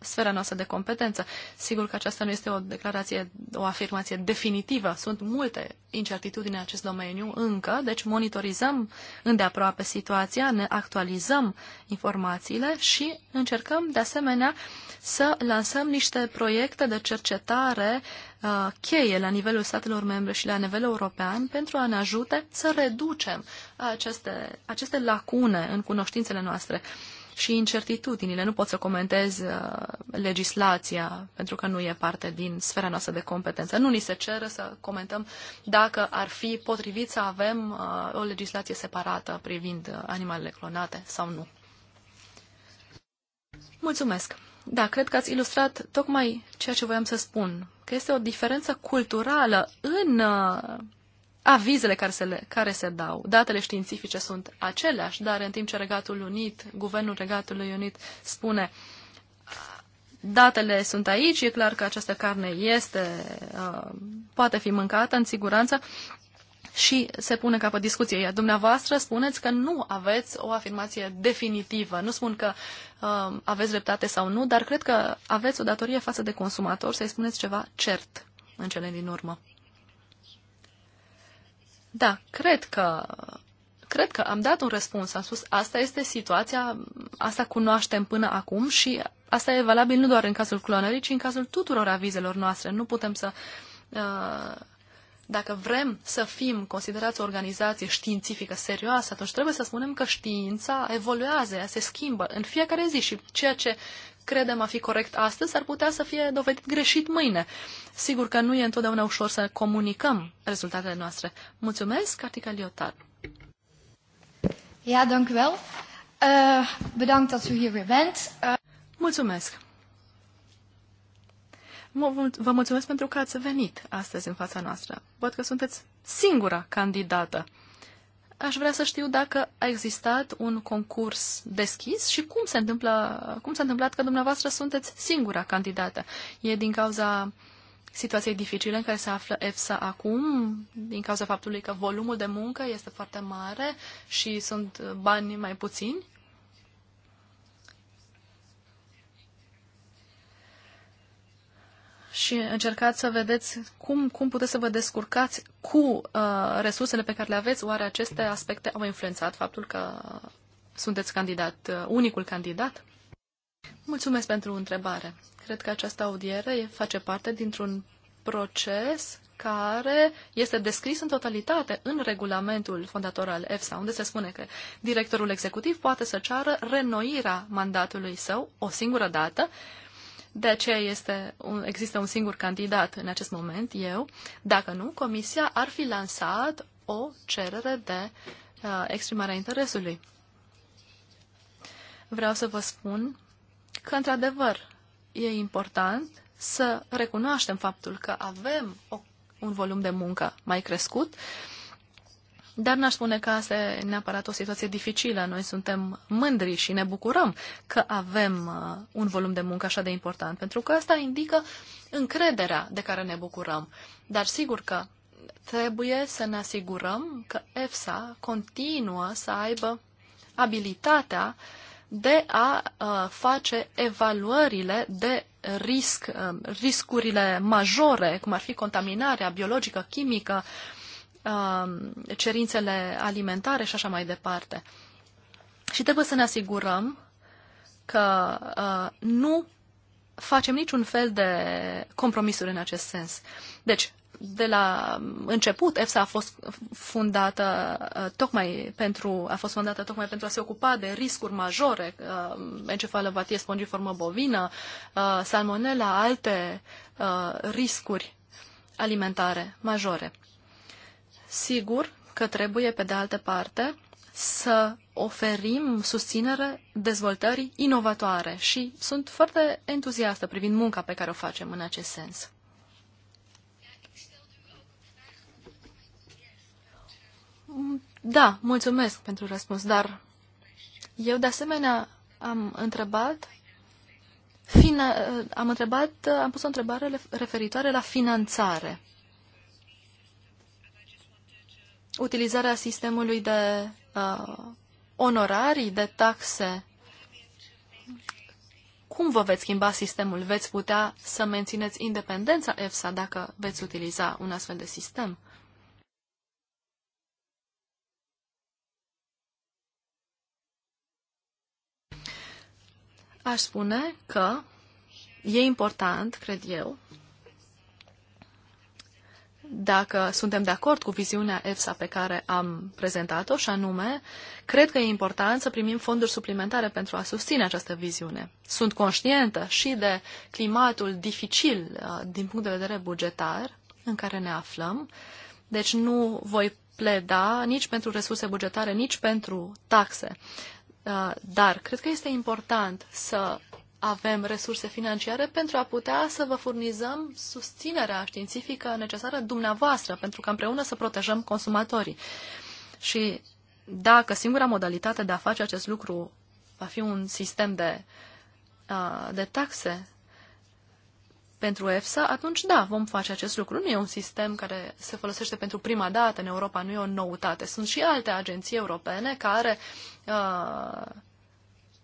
sfera noastră de competență. Sigur că aceasta nu este o declarație, o afirmație definitivă. Sunt multe incertitudini în acest domeniu încă, deci monitorizăm îndeaproape situația, ne actualizăm informațiile și încercăm de asemenea să lansăm niște proiecte de cercetare uh, cheie la nivelul statelor membre și la nivel european pentru a ne ajute să reducem aceste, aceste lacune în cunoștințele noastre. Uh, și incertitudinile. Nu pot să comentez uh, legislația, pentru că nu e parte din sfera noastră de competență. Nu ni se cere să comentăm dacă ar fi potrivit să avem uh, o legislație separată privind uh, animalele clonate sau nu. Mulțumesc! Da, cred că ați ilustrat tocmai ceea ce voiam să spun, că este o diferență culturală în avizele care se, le, care se dau. Datele științifice sunt aceleași, dar în timp ce Regatul Unit, Guvernul Regatului Unit spune datele sunt aici, e clar că această carne este, uh, poate fi mâncată în siguranță și se pune capăt discuției. Iar dumneavoastră spuneți că nu aveți o afirmație definitivă. Nu spun că uh, aveți dreptate sau nu, dar cred că aveți o datorie față de consumator să-i spuneți ceva cert în cele din urmă. Da, cred că cred că am dat un răspuns. Am spus, asta este situația, asta cunoaștem până acum și asta e valabil nu doar în cazul clonării, ci în cazul tuturor avizelor noastre. Nu putem să... Uh, dacă vrem să fim considerați o organizație științifică serioasă, atunci trebuie să spunem că știința evoluează, ea se schimbă în fiecare zi și ceea ce credem a fi corect astăzi ar putea să fie dovedit greșit mâine. Sigur că nu e întotdeauna ușor să comunicăm rezultatele noastre. Mulțumesc, Cartica Liotar. Ja, dank u wel. Uh, bedankt dat u hier weer bent. Uh... Mulțumesc. Vă mulțumesc pentru că ați venit astăzi în fața noastră. Văd că sunteți singura candidată aș vrea să știu dacă a existat un concurs deschis și cum, se întâmplă, cum s-a întâmplat că dumneavoastră sunteți singura candidată. E din cauza situației dificile în care se află EFSA acum, din cauza faptului că volumul de muncă este foarte mare și sunt bani mai puțini? și încercați să vedeți cum, cum puteți să vă descurcați cu uh, resursele pe care le aveți. Oare aceste aspecte au influențat faptul că sunteți candidat, uh, unicul candidat? Mulțumesc pentru întrebare. Cred că această audiere face parte dintr-un proces care este descris în totalitate în regulamentul fondator al EFSA, unde se spune că directorul executiv poate să ceară renoirea mandatului său o singură dată de aceea este un, există un singur candidat în acest moment, eu. Dacă nu, Comisia ar fi lansat o cerere de uh, exprimare a interesului. Vreau să vă spun că, într-adevăr, e important să recunoaștem faptul că avem o, un volum de muncă mai crescut, uh, dar n-aș spune că asta e neapărat o situație dificilă. Noi suntem mândri și ne bucurăm că avem uh, un volum de muncă așa de important, pentru că asta indică încrederea de care ne bucurăm. Dar sigur că trebuie să ne asigurăm că EFSA continuă să aibă abilitatea de a uh, face evaluările de risc, uh, riscurile majore, cum ar fi contaminarea biologică, chimică, Um, cerințele alimentare și așa mai departe. Și trebuie să ne asigurăm că uh, nu facem niciun fel de compromisuri în acest sens. Deci, de la început, EFSA a fost fundată uh, tocmai pentru, a fost fundată tocmai pentru a se ocupa de riscuri majore, uh, encefalopatie spongiformă bovină, salmonella, alte riscuri alimentare majore. Sigur că trebuie, pe de altă parte, să oferim susținere dezvoltării inovatoare și sunt foarte entuziastă privind munca pe care o facem în acest sens. Da, mulțumesc pentru răspuns, dar eu de asemenea am întrebat fina, am întrebat, am pus o întrebare referitoare la finanțare. utilizarea sistemului de uh, onorarii, de taxe. Cum vă veți schimba sistemul? Veți putea să mențineți independența EFSA dacă veți utiliza un astfel de sistem? Aș spune că e important, cred eu, dacă suntem de acord cu viziunea EFSA pe care am prezentat-o, și anume, cred că e important să primim fonduri suplimentare pentru a susține această viziune. Sunt conștientă și de climatul dificil uh, din punct de vedere bugetar în care ne aflăm, deci nu voi pleda nici pentru resurse bugetare, nici pentru taxe. Uh, dar cred că este important să avem resurse financiare pentru a putea să vă furnizăm susținerea științifică necesară dumneavoastră, pentru că împreună să protejăm consumatorii. Și dacă singura modalitate de a face acest lucru va fi un sistem de, de taxe pentru EFSA, atunci da, vom face acest lucru. Nu e un sistem care se folosește pentru prima dată în Europa, nu e o noutate. Sunt și alte agenții europene care uh,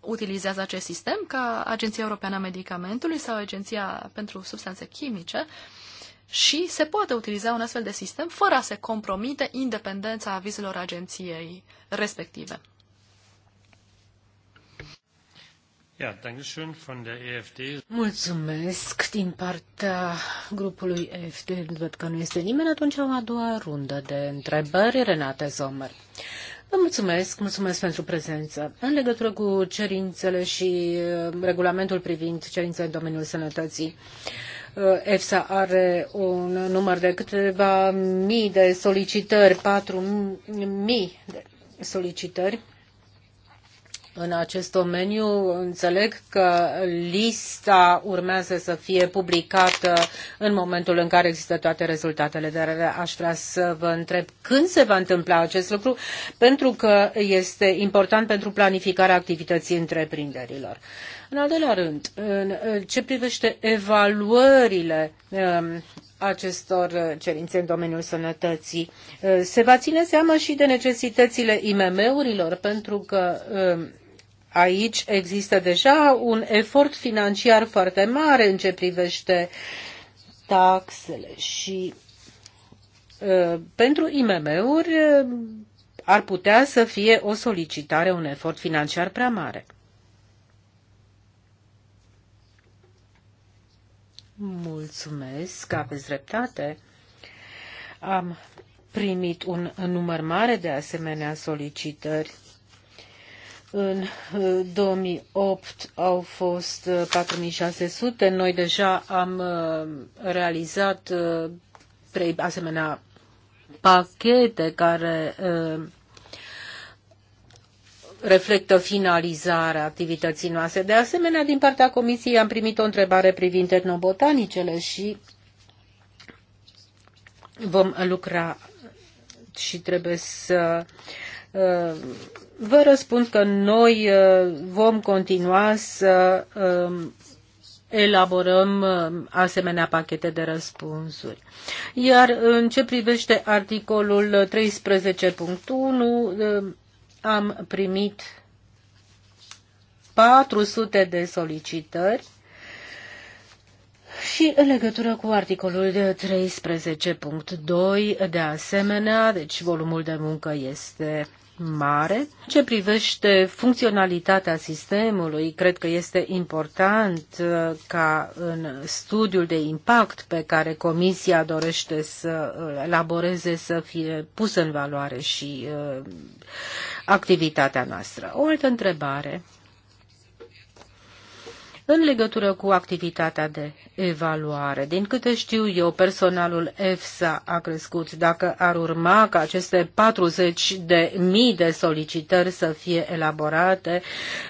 utilizează acest sistem ca Agenția Europeană a Medicamentului sau Agenția pentru Substanțe Chimice și se poate utiliza un astfel de sistem fără a se compromite independența avizelor agenției respective. Mulțumesc din partea grupului EFD. Văd că nu este nimeni, atunci o a doua rundă de întrebări, Renate Zomer. Vă mulțumesc, mulțumesc pentru prezență. În legătură cu cerințele și uh, regulamentul privind cerințele în domeniul sănătății, uh, EFSA are un număr de câteva mii de solicitări, patru mii de solicitări în acest domeniu. Înțeleg că lista urmează să fie publicată în momentul în care există toate rezultatele, dar aș vrea să vă întreb când se va întâmpla acest lucru, pentru că este important pentru planificarea activității întreprinderilor. În al doilea rând, în ce privește evaluările um, acestor cerințe în domeniul sănătății. Uh, se va ține seama și de necesitățile IMM-urilor, pentru că um, aici există deja un efort financiar foarte mare în ce privește taxele și uh, pentru IMM-uri uh, ar putea să fie o solicitare, un efort financiar prea mare. Mulțumesc, aveți dreptate. Am primit un număr mare de asemenea solicitări în 2008 uh, au fost 4600. Uh, Noi deja am uh, realizat trei asemenea pachete care reflectă finalizarea activității noastre. De asemenea, din partea Comisiei am primit o întrebare privind etnobotanicele și vom lucra și trebuie să uh, Uh, vă răspund că noi uh, vom continua să um, elaborăm uh, asemenea pachete de răspunsuri. Iar în ce privește articolul 13.1, am primit 400 de solicitări și în legătură cu articolul de 13.2, de asemenea, deci volumul de muncă este mare. Ce privește funcționalitatea sistemului, cred că este important uh, ca în studiul de impact pe care Comisia dorește să uh, elaboreze să fie pus în valoare și uh, activitatea noastră. O altă întrebare. În legătură cu activitatea de evaluare. Din câte știu eu, personalul EFSA a crescut. Dacă ar urma ca aceste 40 de mii de solicitări să fie elaborate,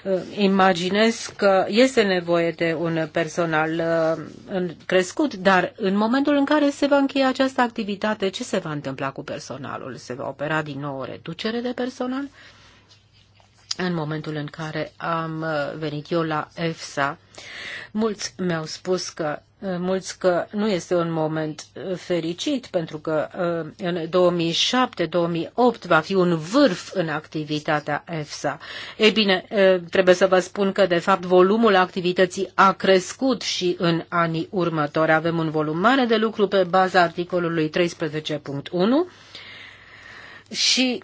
uh, imaginez că este nevoie de un personal uh, crescut, dar în momentul în care se va încheia această activitate, ce se va întâmpla cu personalul? Se va opera din nou o reducere de personal? în momentul în care am venit eu la EFSA, mulți mi-au spus că mulți că nu este un moment fericit pentru că uh, în 2007-2008 va fi un vârf în activitatea EFSA. Ei bine, uh, trebuie să vă spun că de fapt volumul activității a crescut și în anii următori. Avem un volum mare de lucru pe baza articolului 13.1 și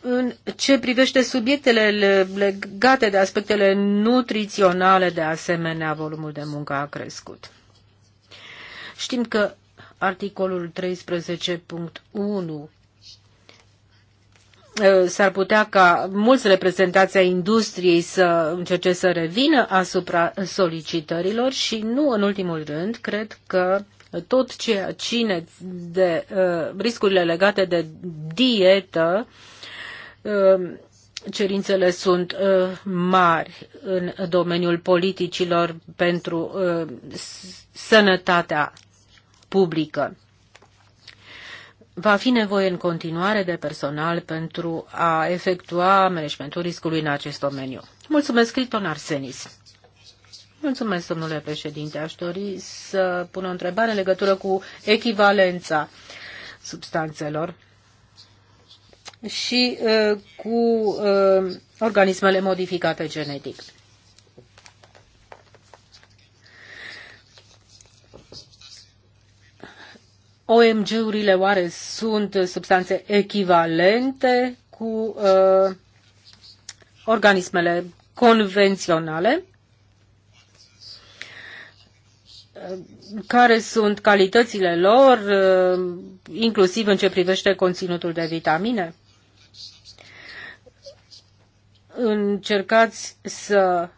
în ce privește subiectele legate de aspectele nutriționale, de asemenea, volumul de muncă a crescut. Știm că articolul 13.1 eh, s-ar putea ca mulți reprezentanți ai industriei să încerce să revină asupra solicitărilor și nu în ultimul rând, cred că tot ceea cine de uh, riscurile legate de dietă Ehm, cerințele sunt eh, mari în domeniul politicilor pentru eh, sănătatea publică. Va fi nevoie în continuare de personal pentru a efectua managementul riscului în acest domeniu. Mulțumesc, Criton Arsenis. Mulțumesc, domnule președinte. Aș dori să pun o întrebare în legătură cu echivalența substanțelor și uh, cu uh, organismele modificate genetic. OMG-urile oare sunt substanțe echivalente cu uh, organismele convenționale? care sunt calitățile lor, uh, inclusiv în ce privește conținutul de vitamine încercați să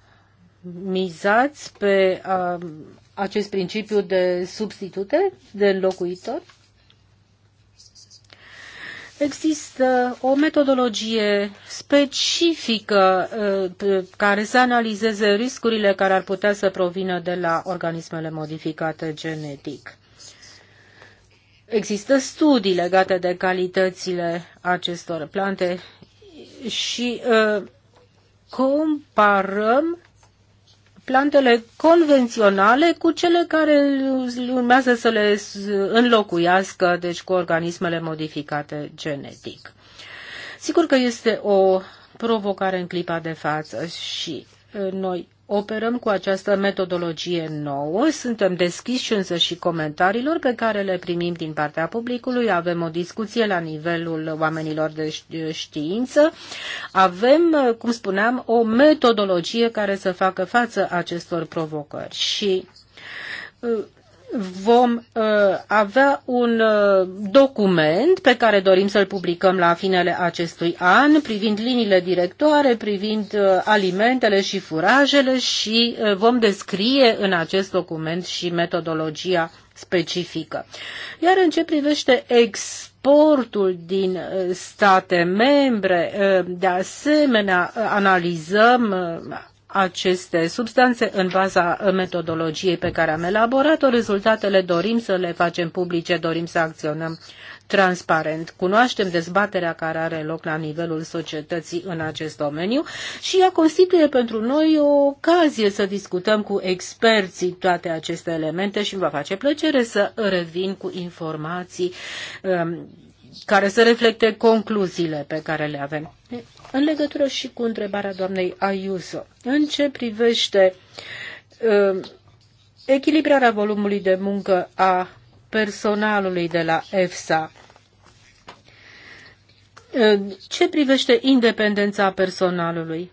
mizați pe um, acest principiu de substitute, de înlocuitor? Există o metodologie specifică uh, care să analizeze riscurile care ar putea să provină de la organismele modificate genetic. Există studii legate de calitățile acestor plante și uh, comparăm plantele convenționale cu cele care urmează să le înlocuiască, deci cu organismele modificate genetic. Sigur că este o provocare în clipa de față și uh, noi operăm cu această metodologie nouă, suntem deschiși însă și comentariilor pe care le primim din partea publicului, avem o discuție la nivelul oamenilor de știință, avem, cum spuneam, o metodologie care să facă față acestor provocări și uh, vom uh, avea un uh, document pe care dorim să-l publicăm la finele acestui an privind liniile directoare, privind uh, alimentele și furajele și uh, vom descrie în acest document și metodologia specifică. Iar în ce privește ex portul din uh, state membre. Uh, de asemenea, uh, analizăm aceste substanțe în baza metodologiei pe care am elaborat-o. Rezultatele dorim să le facem publice, dorim să acționăm transparent. Cunoaștem dezbaterea care are loc la nivelul societății în acest domeniu și ea constituie pentru noi o ocazie să discutăm cu experții toate aceste elemente și îmi va face plăcere să revin cu informații um, care să reflecte concluziile pe care le avem. În legătură și cu întrebarea doamnei Ayuso, în ce privește uh, echilibrarea volumului de muncă a personalului de la EFSA, uh, ce privește independența personalului?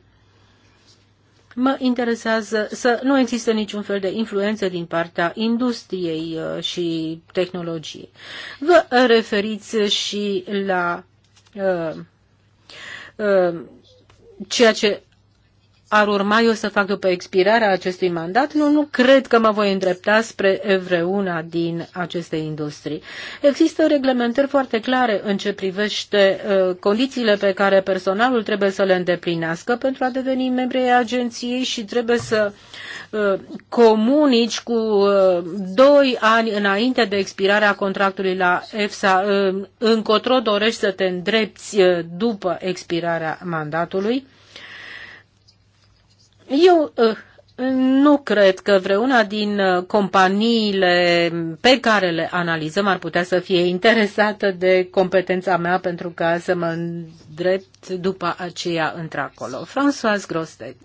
Mă interesează să nu există niciun fel de influență din partea industriei uh, și tehnologiei. Vă referiți și la uh, uh, ceea ce ar urma eu să fac după expirarea acestui mandat, nu, nu cred că mă voi îndrepta spre vreuna din aceste industrii. Există reglementări foarte clare în ce privește uh, condițiile pe care personalul trebuie să le îndeplinească pentru a deveni membri ai agenției și trebuie să uh, comunici cu uh, doi ani înainte de expirarea contractului la EFSA uh, încotro dorești să te îndrepți după expirarea mandatului eu uh, nu cred că vreuna din uh, companiile pe care le analizăm ar putea să fie interesată de competența mea pentru ca să mă îndrept după aceea într-acolo. François Grostet.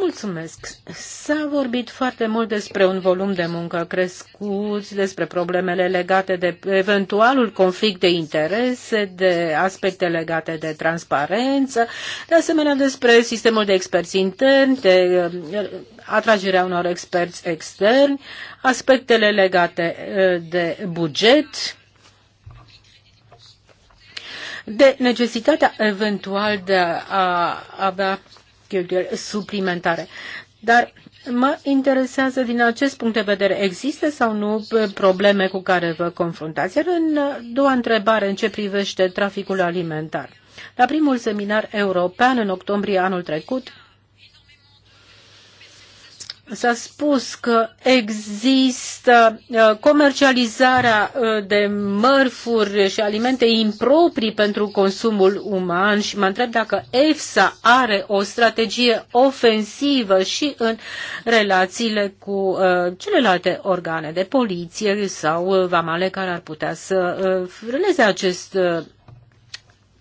Mulțumesc. S-a vorbit foarte mult despre un volum de muncă crescut, despre problemele legate de eventualul conflict de interese, de aspecte legate de transparență, de asemenea despre sistemul de experți interni, de uh, atragerea unor experți externi, aspectele legate uh, de buget, de necesitatea eventual de a avea cheltuieli suplimentare. Dar mă interesează din acest punct de vedere, există sau nu probleme cu care vă confruntați? Iar în doua întrebare, în ce privește traficul alimentar. La primul seminar european, în octombrie anul trecut, s-a spus că există uh, comercializarea uh, de mărfuri și alimente improprii pentru consumul uman și mă întreb dacă EFSA are o strategie ofensivă și în relațiile cu uh, celelalte organe de poliție sau vamale care ar putea să frâneze acest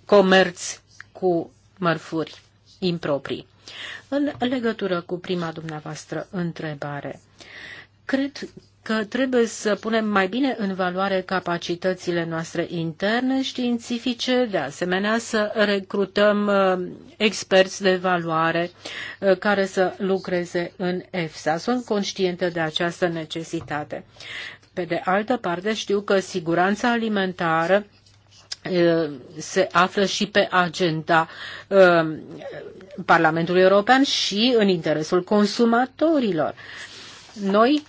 comerț cu mărfuri improprii. În legătură cu prima dumneavoastră întrebare, cred că trebuie să punem mai bine în valoare capacitățile noastre interne științifice, de asemenea să recrutăm uh, experți de valoare uh, care să lucreze în EFSA. Sunt conștientă de această necesitate. Pe de altă parte, știu că siguranța alimentară uh, se află și pe agenda Parlamentului European și în interesul consumatorilor. Noi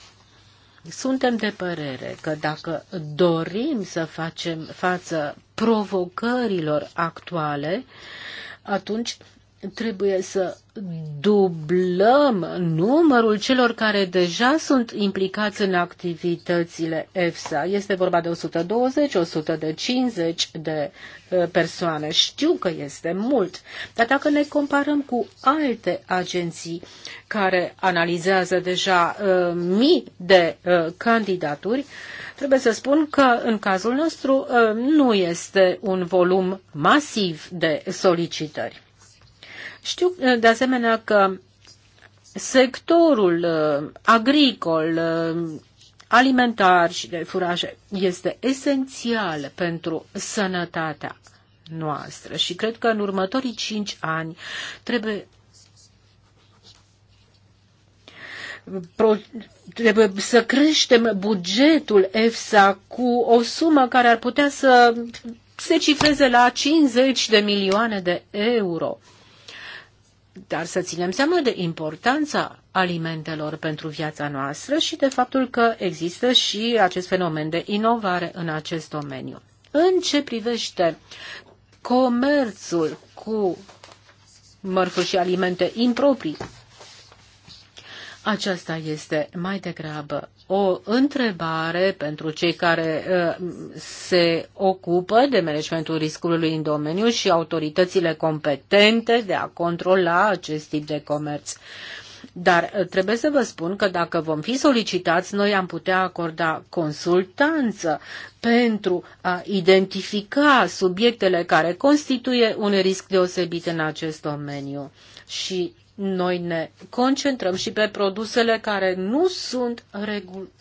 suntem de părere că dacă dorim să facem față provocărilor actuale, atunci trebuie să dublăm numărul celor care deja sunt implicați în activitățile EFSA. Este vorba de 120, 150 de uh, persoane. Știu că este mult, dar dacă ne comparăm cu alte agenții care analizează deja uh, mii de uh, candidaturi, trebuie să spun că în cazul nostru uh, nu este un volum masiv de solicitări. Știu eh, de asemenea că sectorul eh, agricol, eh, alimentar și de furaje este esențial pentru sănătatea noastră și cred că în următorii cinci ani trebuie trebuie să creștem bugetul EFSA cu o sumă care ar putea să se cifreze la 50 de milioane de euro dar să ținem seama de importanța alimentelor pentru viața noastră și de faptul că există și acest fenomen de inovare în acest domeniu. În ce privește comerțul cu mărfuri și alimente improprii, aceasta este mai degrabă o întrebare pentru cei care uh, se ocupă de managementul riscului în domeniu și autoritățile competente de a controla acest tip de comerț. Dar uh, trebuie să vă spun că dacă vom fi solicitați, noi am putea acorda consultanță pentru a identifica subiectele care constituie un risc deosebit în acest domeniu. Și noi ne concentrăm și pe produsele care nu sunt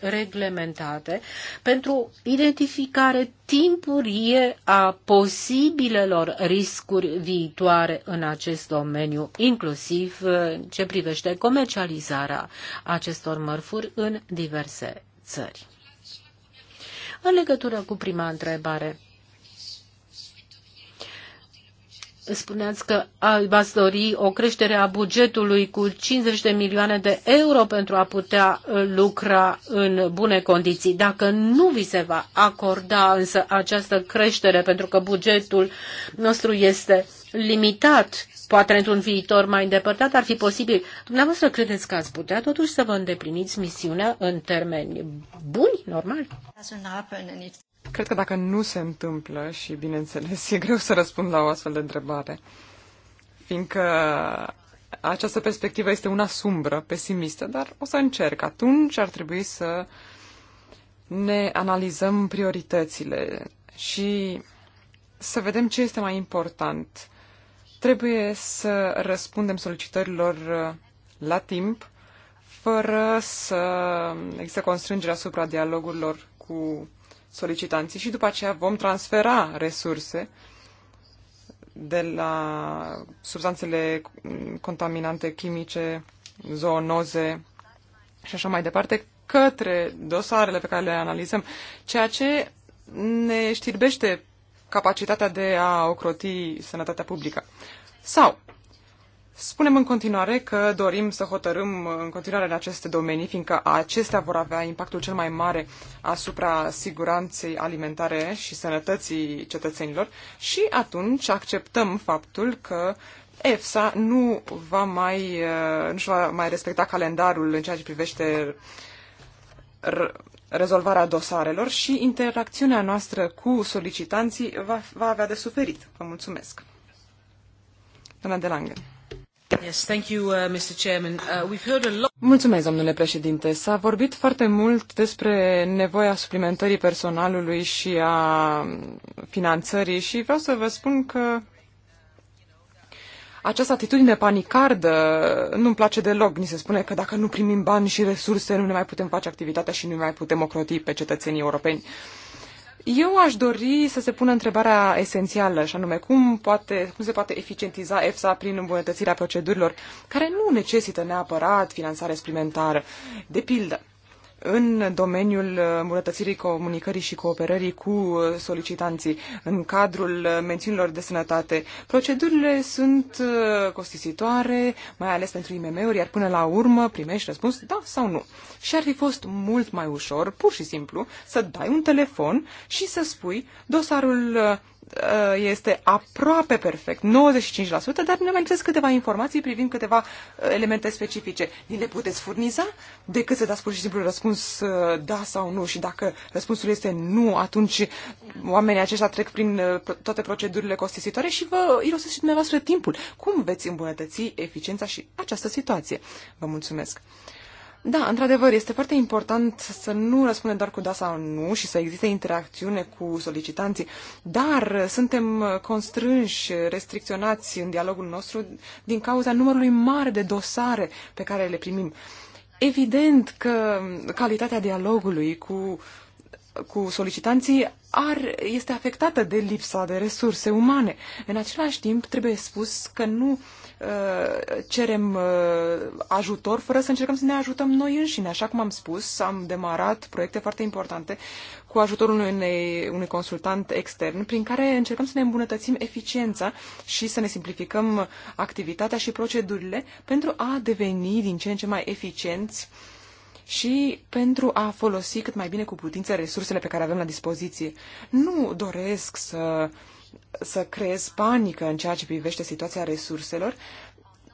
reglementate pentru identificare timpurie a posibilelor riscuri viitoare în acest domeniu, inclusiv ce privește comercializarea acestor mărfuri în diverse țări. În legătură cu prima întrebare, spuneați că v-ați dori o creștere a bugetului cu 50 de milioane de euro pentru a putea uh, lucra în bune condiții. Dacă nu vi se va acorda însă această creștere, pentru că bugetul nostru este limitat, poate într-un viitor mai îndepărtat ar fi posibil. Dumneavoastră credeți că ați putea totuși să vă îndepliniți misiunea în termeni buni, normal? Cred că dacă nu se întâmplă, și bineînțeles, e greu să răspund la o astfel de întrebare, fiindcă această perspectivă este una sumbră, pesimistă, dar o să încerc. Atunci ar trebui să ne analizăm prioritățile și să vedem ce este mai important. Trebuie să răspundem solicitărilor uh, la timp, fără să există constrângere asupra dialogurilor cu solicitanții și după aceea vom transfera resurse de la substanțele contaminante chimice, zoonoze și așa mai departe, către dosarele pe care le analizăm, ceea ce ne știrbește capacitatea de a ocroti sănătatea publică. Sau, Spunem în continuare că dorim să hotărâm în continuare în aceste domenii, fiindcă acestea vor avea impactul cel mai mare asupra siguranței alimentare și sănătății cetățenilor și atunci acceptăm faptul că EFSA nu va mai, uh, nu va mai respecta calendarul în ceea ce privește rezolvarea dosarelor și interacțiunea noastră cu solicitanții va, va avea de suferit. Vă mulțumesc. Doamna de Langen. Mulțumesc, domnule președinte. S-a vorbit foarte mult despre nevoia suplimentării personalului și a finanțării și vreau să vă spun că această atitudine panicardă nu-mi place deloc. Ni se spune că dacă nu primim bani și resurse, nu ne mai putem face activitatea și nu ne mai putem ocroti pe cetățenii europeni. Uh, eu aș dori să se pună întrebarea esențială, și anume cum, poate, cum se poate eficientiza EFSA prin îmbunătățirea procedurilor care nu necesită neapărat finanțare suplimentară. De pildă, în domeniul îmbunătățirii comunicării și cooperării cu solicitanții în cadrul mențiunilor de sănătate. Procedurile sunt uh, costisitoare, mai ales pentru IMM-uri, iar până la urmă primești răspuns da sau nu. Și ar fi fost mult mai ușor, pur și simplu, să dai un telefon și să spui dosarul uh, Uh, este aproape perfect, 95%, dar ne mai lipsesc câteva informații privind câteva uh, elemente specifice. Ni le puteți furniza decât să dați pur și simplu răspuns uh, da sau nu și dacă răspunsul este nu, atunci oamenii aceștia trec prin toate procedurile costisitoare și vă irosesc și dumneavoastră timpul. Cum veți îmbunătăți eficiența și această situație? Vă mulțumesc! Da, într-adevăr, este foarte important să nu răspundem doar cu da sau nu și să existe interacțiune cu solicitanții, dar suntem constrânși, restricționați în dialogul nostru din cauza numărului mare de dosare pe care le primim. Evident că calitatea dialogului cu, cu solicitanții ar, este afectată de lipsa de resurse umane. În același timp, trebuie spus că nu uh, Uh, cerem uh, ajutor fără să încercăm să ne ajutăm noi înșine. Așa cum am spus, am demarat proiecte foarte importante cu ajutorul unei, unui consultant extern, prin care încercăm să ne îmbunătățim eficiența și să ne simplificăm activitatea și procedurile pentru a deveni din ce în ce mai eficienți și pentru a folosi cât mai bine cu putință resursele pe care avem la dispoziție. Nu doresc să uh, să creez panică în ceea ce privește situația resurselor,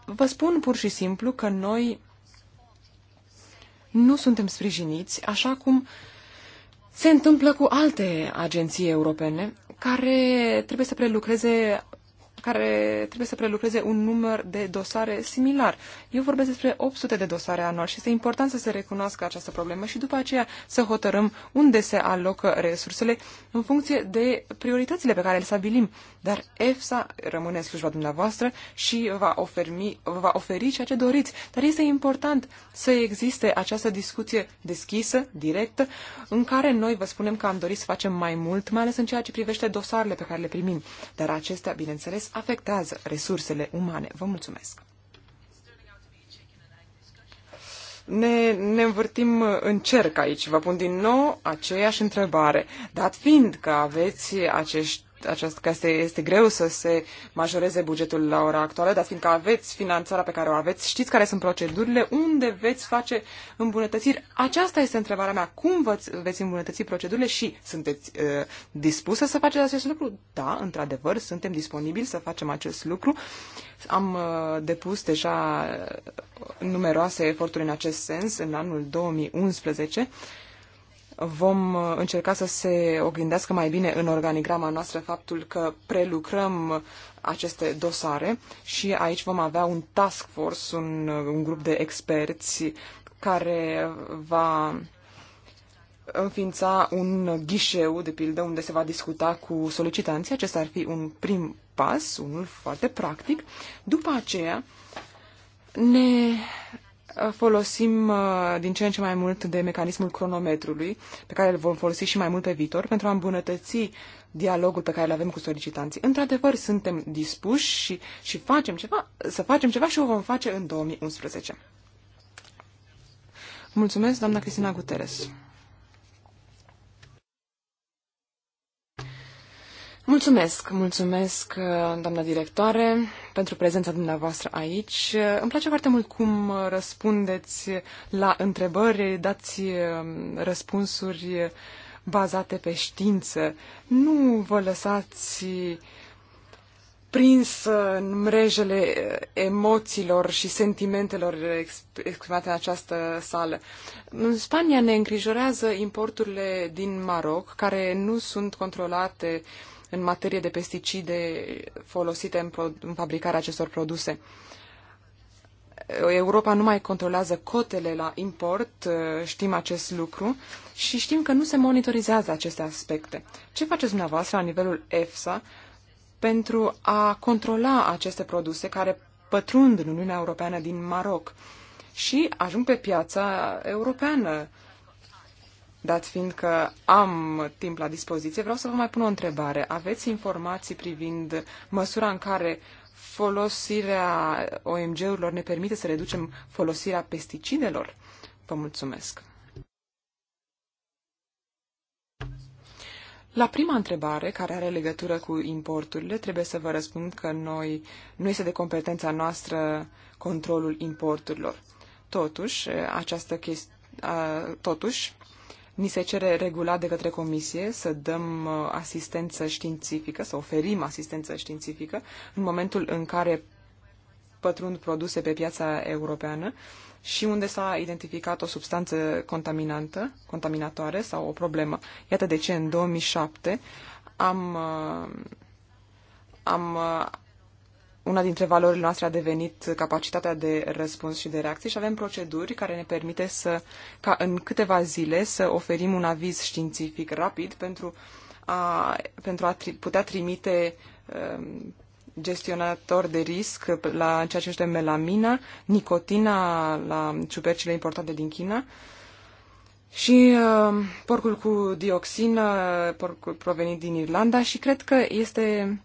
vă spun pur și simplu că noi nu suntem sprijiniți așa cum se întâmplă cu alte agenții europene care trebuie să prelucreze care trebuie să prelucreze un număr de dosare similar. Eu vorbesc despre 800 de dosare anual și este important să se recunoască această problemă și după aceea să hotărâm unde se alocă resursele în funcție de prioritățile pe care le stabilim. Dar EFSA rămâne în slujba dumneavoastră și va oferi, va oferi ceea ce doriți. Dar este important să existe această discuție deschisă, directă, în care noi vă spunem că am dorit să facem mai mult, mai ales în ceea ce privește dosarele pe care le primim. Dar acestea, bineînțeles, afectează resursele umane. Vă mulțumesc! ne, ne învârtim în cerc aici. Vă pun din nou aceeași întrebare. Dat fiind că aveți acești această, că este, greu să se majoreze bugetul la ora actuală, dar fiindcă aveți finanțarea pe care o aveți, știți care sunt procedurile, unde veți face îmbunătățiri. Aceasta este întrebarea mea. Cum veți, veți îmbunătăți procedurile și sunteți uh, dispusă să faceți acest lucru? Da, într-adevăr, suntem disponibili să facem acest lucru. Am uh, depus deja numeroase eforturi în acest sens în anul 2011 vom uh, încerca să se oglindească mai bine în organigrama noastră faptul că prelucrăm aceste dosare și aici vom avea un task force, un, uh, un grup de experți care va înființa un ghișeu, de pildă, unde se va discuta cu solicitanții. Acesta ar fi un prim pas, unul foarte practic. După aceea ne folosim uh, din ce în ce mai mult de mecanismul cronometrului, pe care îl vom folosi și mai mult pe viitor, pentru a îmbunătăți dialogul pe care îl avem cu solicitanții. Într-adevăr, suntem dispuși și, și facem ceva, să facem ceva și o vom face în 2011. Mulțumesc, doamna Cristina Guterres. Mulțumesc, mulțumesc, uh, doamna directoare, pentru prezența dumneavoastră aici. Uh, îmi place foarte mult cum uh, răspundeți la întrebări, dați răspunsuri bazate pe știință. Nu vă lăsați prins în mrejele emoțiilor și sentimentelor exprimate în această sală. În Spania ne îngrijorează importurile din Maroc, care nu sunt controlate uh, în materie de pesticide folosite în, în fabricarea acestor produse. Europa nu mai controlează cotele la import, uh, știm acest lucru și știm că nu se monitorizează aceste aspecte. Ce faceți dumneavoastră la nivelul EFSA pentru a controla aceste produse care pătrund în Uniunea Europeană din Maroc și ajung pe piața europeană? Dat fiind că am timp la dispoziție, vreau să vă mai pun o întrebare. Aveți informații privind măsura în care folosirea OMG-urilor ne permite să reducem folosirea pesticidelor? Vă mulțumesc. La prima întrebare, care are legătură cu importurile, trebuie să vă răspund că noi, nu este de competența noastră controlul importurilor. Totuși, această chesti- totuși, Ni se cere regulat de către comisie să dăm uh, asistență științifică, să oferim asistență științifică în momentul în care pătrund produse pe piața europeană și unde s-a identificat o substanță contaminantă, contaminatoare sau o problemă. Iată de ce în 2007 am, uh, am uh, una dintre valorile noastre a devenit capacitatea de răspuns și de reacție și avem proceduri care ne permite să, ca în câteva zile să oferim un aviz științific rapid pentru a, pentru a tri, putea trimite um, gestionator de risc la ceea ce este melamina, nicotina la ciupercile importante din China și uh, porcul cu dioxină, porcul provenit din Irlanda și cred că este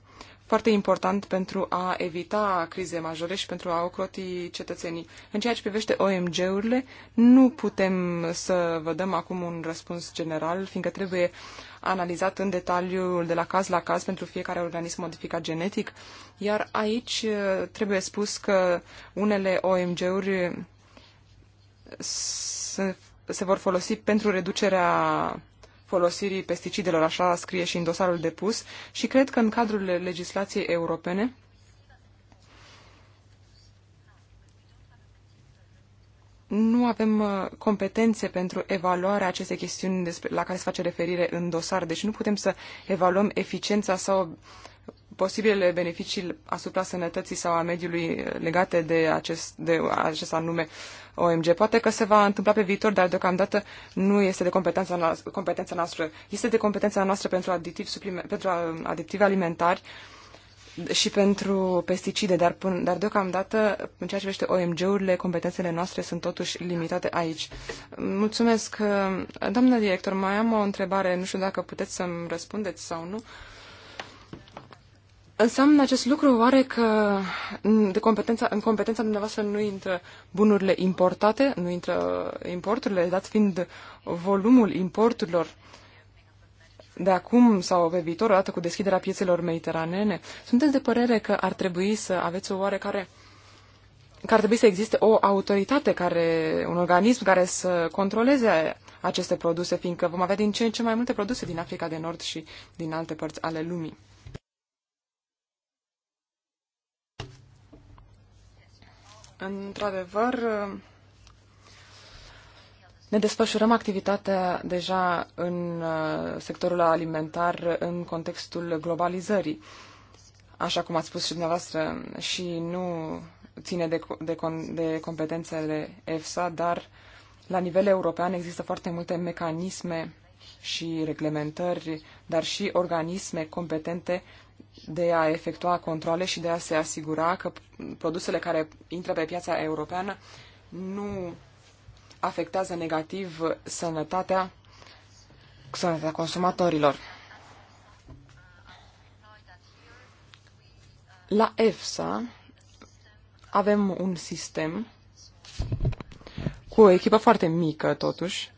foarte important pentru a evita crize majore și pentru a ocroti cetățenii. În ceea ce privește OMG-urile, nu putem să vă dăm acum un răspuns general, fiindcă trebuie analizat în detaliu de la caz la caz pentru fiecare organism modificat genetic, iar aici eh, trebuie spus că unele OMG-uri se vor folosi pentru reducerea folosirii pesticidelor, așa scrie și în dosarul depus, și cred că în cadrul legislației europene nu avem uh, competențe pentru evaluarea acestei chestiuni despre, la care se face referire în dosar, deci nu putem să evaluăm eficiența sau posibilele beneficii asupra sănătății sau a mediului legate de acest, de acest anume OMG. Poate că se va întâmpla pe viitor, dar deocamdată nu este de competența noastră. Competența noastră. Este de competența noastră pentru, aditiv, suplime, pentru aditivi alimentari și pentru pesticide, dar, până, dar deocamdată, în ceea ce vește OMG-urile, competențele noastre sunt totuși limitate aici. Mulțumesc. Doamnă director, mai am o întrebare, nu știu dacă puteți să-mi răspundeți sau nu. Uh, Înseamnă acest lucru oare că de competența, în competența dumneavoastră nu intră bunurile importate, nu intră importurile, dat fiind volumul importurilor de acum sau pe viitor, odată cu deschiderea piețelor mediteranene, sunteți de părere că ar trebui să aveți o oarecare că ar trebui să existe o autoritate care, un organism care să controleze aceste produse, fiindcă vom avea din ce în ce mai multe produse din Africa de Nord și din alte părți ale lumii. Într-adevăr, ne desfășurăm activitatea deja în uh, sectorul alimentar în contextul globalizării, așa cum ați spus și dumneavoastră, și nu ține de, de, de competențele EFSA, dar la nivel european există foarte multe mecanisme și reglementări, dar și organisme competente de a efectua controle și de a se asigura că produsele care intră pe piața europeană nu afectează negativ sănătatea, sănătatea consumatorilor. La EFSA avem un sistem cu o echipă foarte mică, totuși,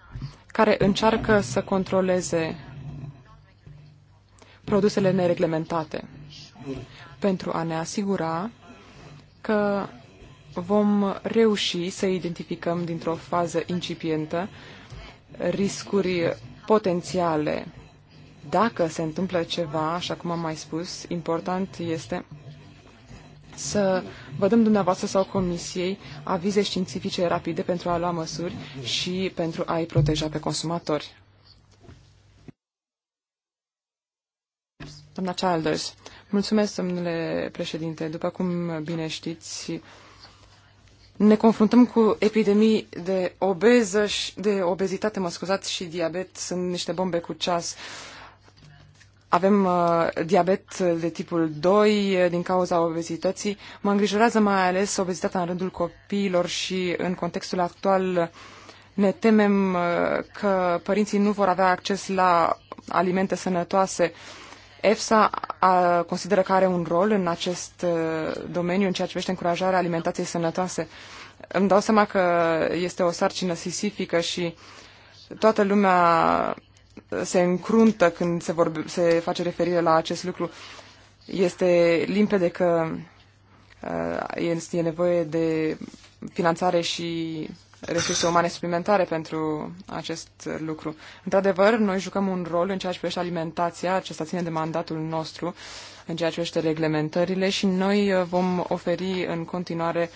care încearcă să controleze produsele nereglementate, pentru a ne asigura că vom reuși să identificăm dintr-o fază incipientă riscuri potențiale. Dacă se întâmplă ceva, așa cum am mai spus, important este să vă dăm dumneavoastră sau comisiei avize științifice rapide pentru a lua măsuri și pentru a-i proteja pe consumatori. Doamna Childers, mulțumesc, domnule președinte. După cum bine știți, ne confruntăm cu epidemii de, obeză și, de obezitate, mă scuzați, și diabet. Sunt niște bombe cu ceas. Avem uh, diabet de tipul 2 uh, din cauza obezității. Mă îngrijorează mai ales obezitatea în rândul copiilor și în contextul actual ne temem uh, că părinții nu vor avea acces la alimente sănătoase uh, EFSA a, consideră că are un rol în acest uh, domeniu în ceea ce privește încurajarea alimentației sănătoase. Îmi dau seama că este o sarcină sisifică și toată lumea se încruntă când se, vorbe, se face referire la acest lucru. Este limpede că este uh, nevoie de finanțare și resurse umane suplimentare pentru acest lucru. Într-adevăr, noi jucăm un rol în ceea ce privește alimentația, acesta ține de mandatul nostru, în ceea ce privește reglementările și noi uh, vom oferi în continuare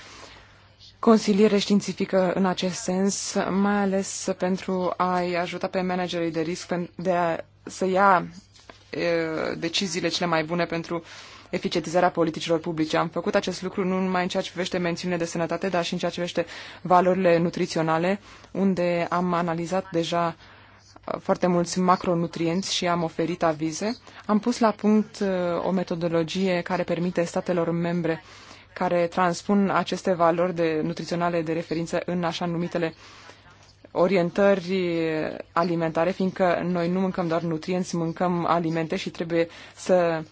consiliere științifică în acest sens, mai ales pentru a-i ajuta pe managerii de risc de a, să ia e, uh, deciziile cele mai bune pentru uh, eficientizarea politicilor publice. Am făcut acest lucru nu numai în ceea ce privește mențiunile de sănătate, dar și în ceea ce privește valorile nutriționale, unde am analizat deja uh, foarte mulți macronutrienți și am oferit avize. Am pus la punct uh, o metodologie care permite statelor membre care transpun aceste valori de nutriționale de referință în așa numitele orientări uh, alimentare, fiindcă noi nu mâncăm doar nutrienți, mâncăm alimente și trebuie să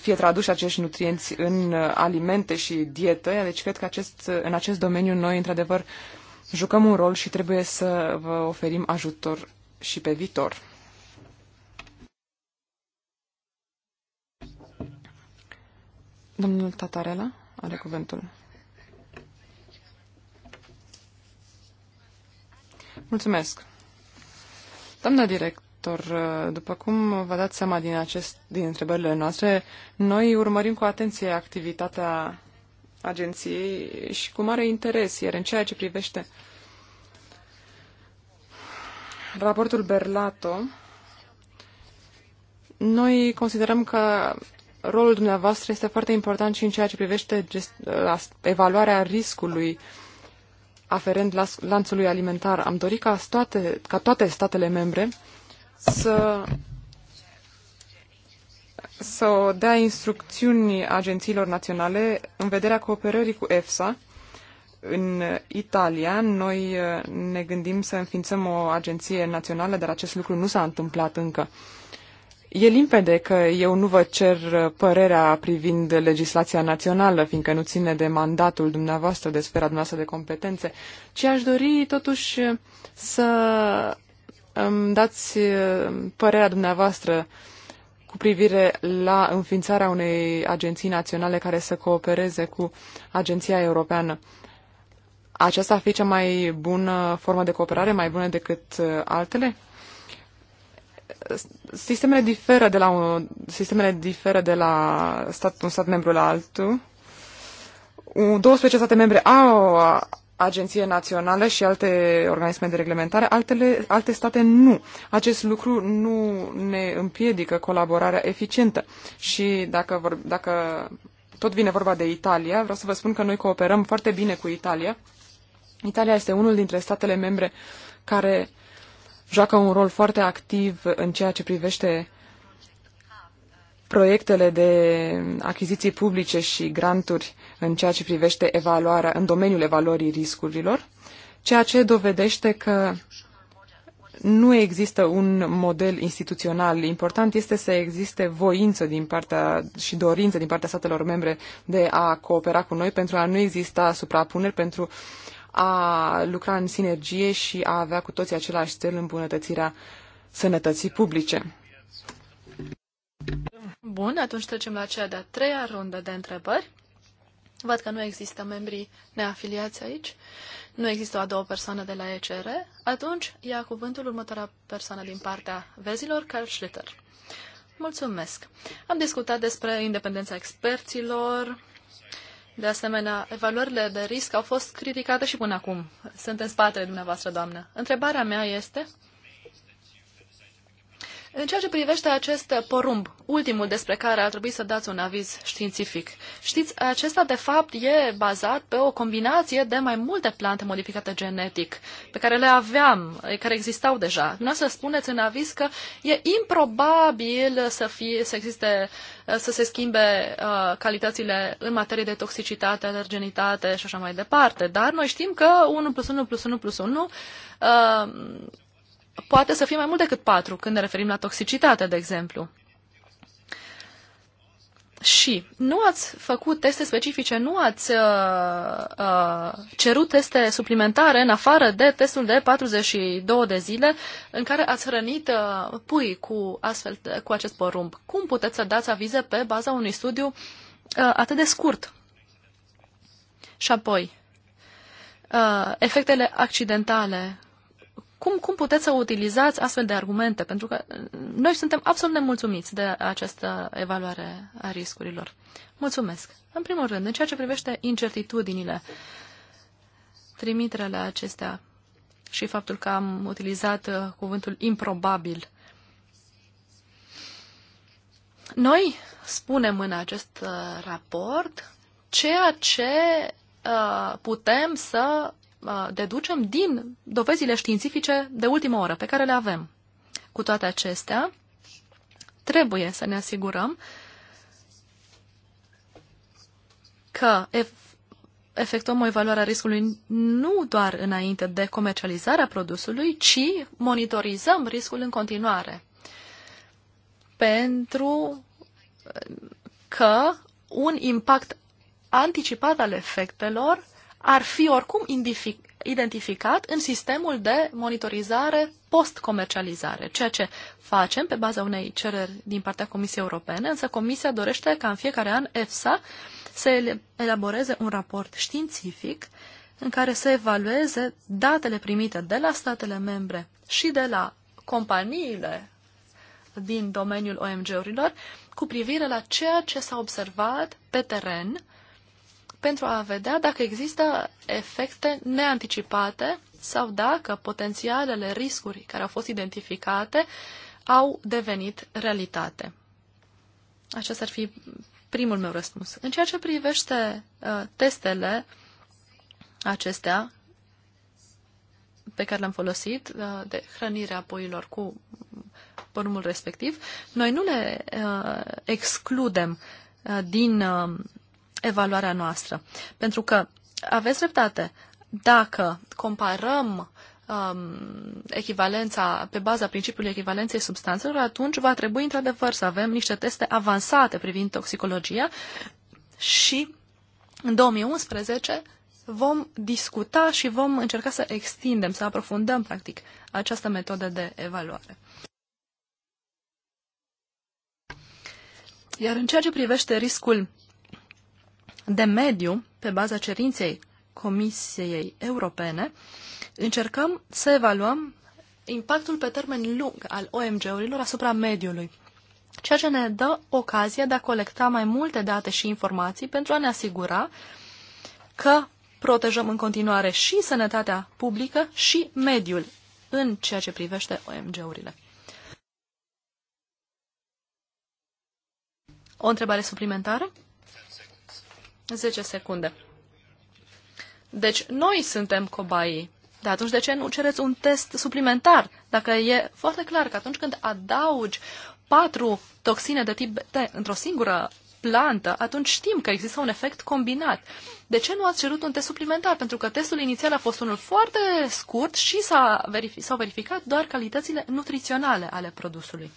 fie traduși acești nutrienți în uh, alimente și dietă. Deci cred că acest, uh, în acest domeniu noi, într-adevăr, jucăm un rol și trebuie să vă oferim ajutor și pe viitor. Domnul Tatarela are cuvântul. Mulțumesc. Doamna direct, doctor, După cum vă dați seama din, acest, din întrebările noastre, noi urmărim cu atenție activitatea agenției și cu mare interes, iar în ceea ce privește raportul Berlato, noi considerăm că rolul dumneavoastră este foarte important și în ceea ce privește evaluarea riscului aferent lanțului alimentar. Am dorit ca toate, ca toate statele membre să să dea instrucțiuni agențiilor naționale în vederea cooperării cu EFSA în Italia. Noi uh, ne gândim să înființăm o agenție națională, dar acest lucru nu s-a întâmplat încă. E limpede că eu nu vă cer uh, părerea privind legislația națională, fiindcă nu ține de mandatul dumneavoastră, de sfera dumneavoastră de competențe, ci aș dori totuși să îmi dați uh, părerea dumneavoastră cu privire la înființarea unei agenții naționale care să coopereze cu Agenția Europeană. Aceasta ar fi cea mai bună formă de cooperare, mai bună decât uh, altele? Sistemele diferă de la un, sistemele diferă de la stat, un stat membru la altul. 12 state membre au agenție națională și alte organisme de reglementare, altele, alte state nu. Acest lucru nu ne împiedică colaborarea eficientă. Și dacă, vor, dacă tot vine vorba de Italia, vreau să vă spun că noi cooperăm foarte bine cu Italia. Italia este unul dintre statele membre care joacă un rol foarte activ în ceea ce privește proiectele de achiziții publice și granturi în ceea ce privește evaluarea, în domeniul evaluării riscurilor, ceea ce dovedește că nu există un model instituțional. Important este să existe voință din partea și dorință din partea statelor membre de a coopera cu noi pentru a nu exista suprapuneri, pentru a lucra în sinergie și a avea cu toții același cel îmbunătățirea sănătății publice. Bun, atunci trecem la cea de-a treia rundă de întrebări. Văd că nu există membrii neafiliați aici, nu există o a doua persoană de la ECR, atunci ia cuvântul următoarea persoană din partea vezilor, Carl Schlitter. Mulțumesc! Am discutat despre independența experților, de asemenea, evaluările de risc au fost criticate și până acum. Sunt în spatele dumneavoastră, doamnă. Întrebarea mea este, în ceea ce privește acest porumb, ultimul despre care ar trebui să dați un aviz științific, știți, acesta de fapt e bazat pe o combinație de mai multe plante modificate genetic, pe care le aveam, care existau deja. Nu să spuneți în aviz că e improbabil să, fie, să existe, uh, să se schimbe uh, calitățile în materie de toxicitate, alergenitate și așa mai departe, dar noi știm că 1 plus 1 plus 1 plus 1 uh, poate să fie mai mult decât patru când ne referim la toxicitate, de exemplu. Și nu ați făcut teste specifice, nu ați uh, uh, cerut teste suplimentare în afară de testul de 42 de zile în care ați hrănit uh, pui cu, astfel, cu acest porumb. Cum puteți să dați avize pe baza unui studiu uh, atât de scurt? Și apoi, uh, efectele accidentale cum, cum puteți să utilizați astfel de argumente? Pentru că uh, noi suntem absolut nemulțumiți de această evaluare a riscurilor. Mulțumesc. În primul rând, în ceea ce privește incertitudinile, trimiterele acestea și faptul că am utilizat uh, cuvântul improbabil. Noi spunem în acest uh, raport ceea ce putem să Uh, deducem din dovezile științifice de ultimă oră pe care le avem. Cu toate acestea, trebuie să ne asigurăm că efectuăm o evaluare a riscului nu doar înainte de comercializarea produsului, ci monitorizăm riscul în continuare. Pentru uh, că un impact anticipat al efectelor ar fi oricum identificat în sistemul de monitorizare post-comercializare, ceea ce facem pe baza unei cereri din partea Comisiei Europene, însă Comisia dorește ca în fiecare an EFSA să elaboreze un raport științific în care să evalueze datele primite de la statele membre și de la companiile din domeniul OMG-urilor cu privire la ceea ce s-a observat pe teren pentru a vedea dacă există efecte neanticipate sau dacă potențialele riscuri care au fost identificate au devenit realitate. Acesta ar fi primul meu răspuns. În ceea ce privește uh, testele acestea pe care le-am folosit uh, de hrănirea poilor cu părumul respectiv, noi nu le uh, excludem uh, din uh, evaluarea noastră. Pentru că aveți dreptate, dacă comparăm um, echivalența, pe baza principiului echivalenței substanțelor, atunci va trebui într-adevăr să avem niște teste avansate privind toxicologia și în 2011 vom discuta și vom încerca să extindem, să aprofundăm, practic, această metodă de evaluare. Iar în ceea ce privește riscul de mediu, pe baza cerinței Comisiei Europene, încercăm să evaluăm impactul pe termen lung al OMG-urilor asupra mediului, ceea ce ne dă ocazia de a colecta mai multe date și informații pentru a ne asigura că protejăm în continuare și sănătatea publică și mediul în ceea ce privește OMG-urile. O întrebare suplimentară? 10 secunde. Deci, noi suntem cobaii. Dar atunci de ce nu cereți un test suplimentar? Dacă e foarte clar că atunci când adaugi patru toxine de tip T într-o singură plantă, atunci știm că există un efect combinat. De ce nu ați cerut un test suplimentar? Pentru că testul inițial a fost unul foarte scurt și s-au verificat doar calitățile nutriționale ale produsului.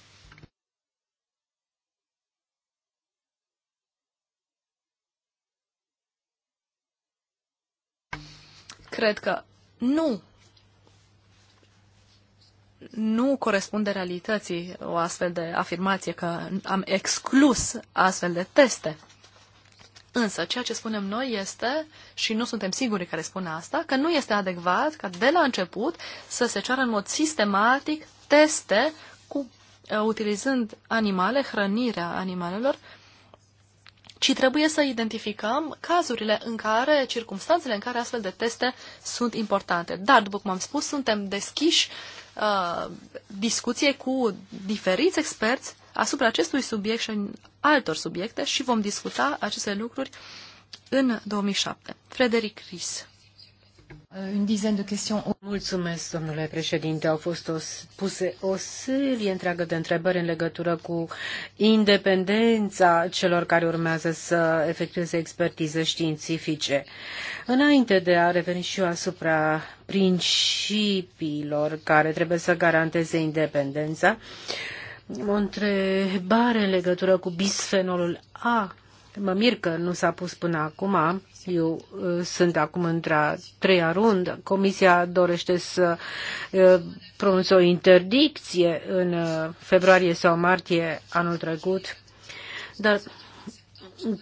cred că nu nu corespunde realității o astfel de afirmație că am exclus astfel de teste. Însă, ceea ce spunem noi este, și nu suntem siguri care spun asta, că nu este adecvat ca de la început să se ceară în mod sistematic teste cu, uh, utilizând animale, hrănirea animalelor, ci trebuie să identificăm cazurile în care, circumstanțele în care astfel de teste sunt importante. Dar, după cum am spus, suntem deschiși uh, discuției cu diferiți experți asupra acestui subiect și în altor subiecte și vom discuta aceste lucruri în 2007. Frederic Ries. Mulțumesc, domnule președinte. Au fost o, puse o serie întreagă de întrebări în legătură cu independența celor care urmează să efectueze expertize științifice. Înainte de a reveni și eu asupra principiilor care trebuie să garanteze independența, o întrebare în legătură cu bisfenolul A. Mă mir că nu s-a pus până acum eu uh, sunt acum într-a treia rundă. Comisia dorește să uh, pronunțe o interdicție în uh, februarie sau martie anul trecut, dar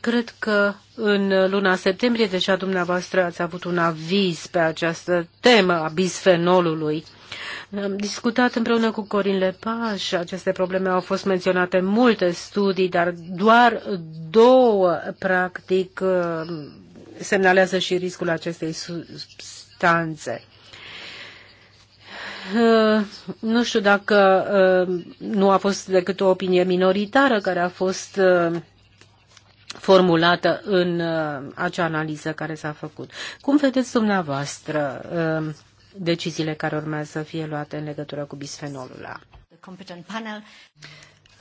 cred că în luna septembrie deja dumneavoastră ați avut un aviz pe această temă a bisfenolului. Am discutat împreună cu Corin Lepaș, aceste probleme au fost menționate în multe studii, dar doar două, practic, semnalează și riscul acestei substanțe. Uh, nu știu dacă uh, nu a fost decât o opinie minoritară care a fost uh, formulată în acea analiză care s-a făcut. Cum vedeți dumneavoastră deciziile care urmează să fie luate în legătură cu bisfenolul A?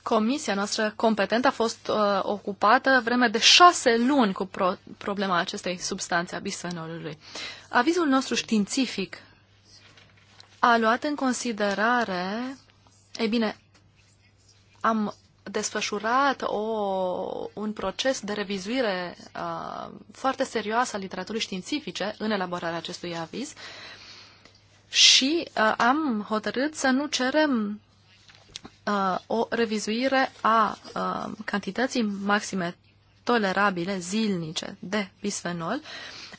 comisia noastră competentă a fost uh, ocupată vreme de șase luni cu pro- problema acestei substanțe a bisfenolului. Avizul nostru științific a luat în considerare, ei bine, am desfășurat o, un proces de revizuire uh, foarte serioasă a literaturii științifice în elaborarea acestui aviz și uh, am hotărât să nu cerem uh, o revizuire a uh, cantității maxime tolerabile zilnice de bisfenol,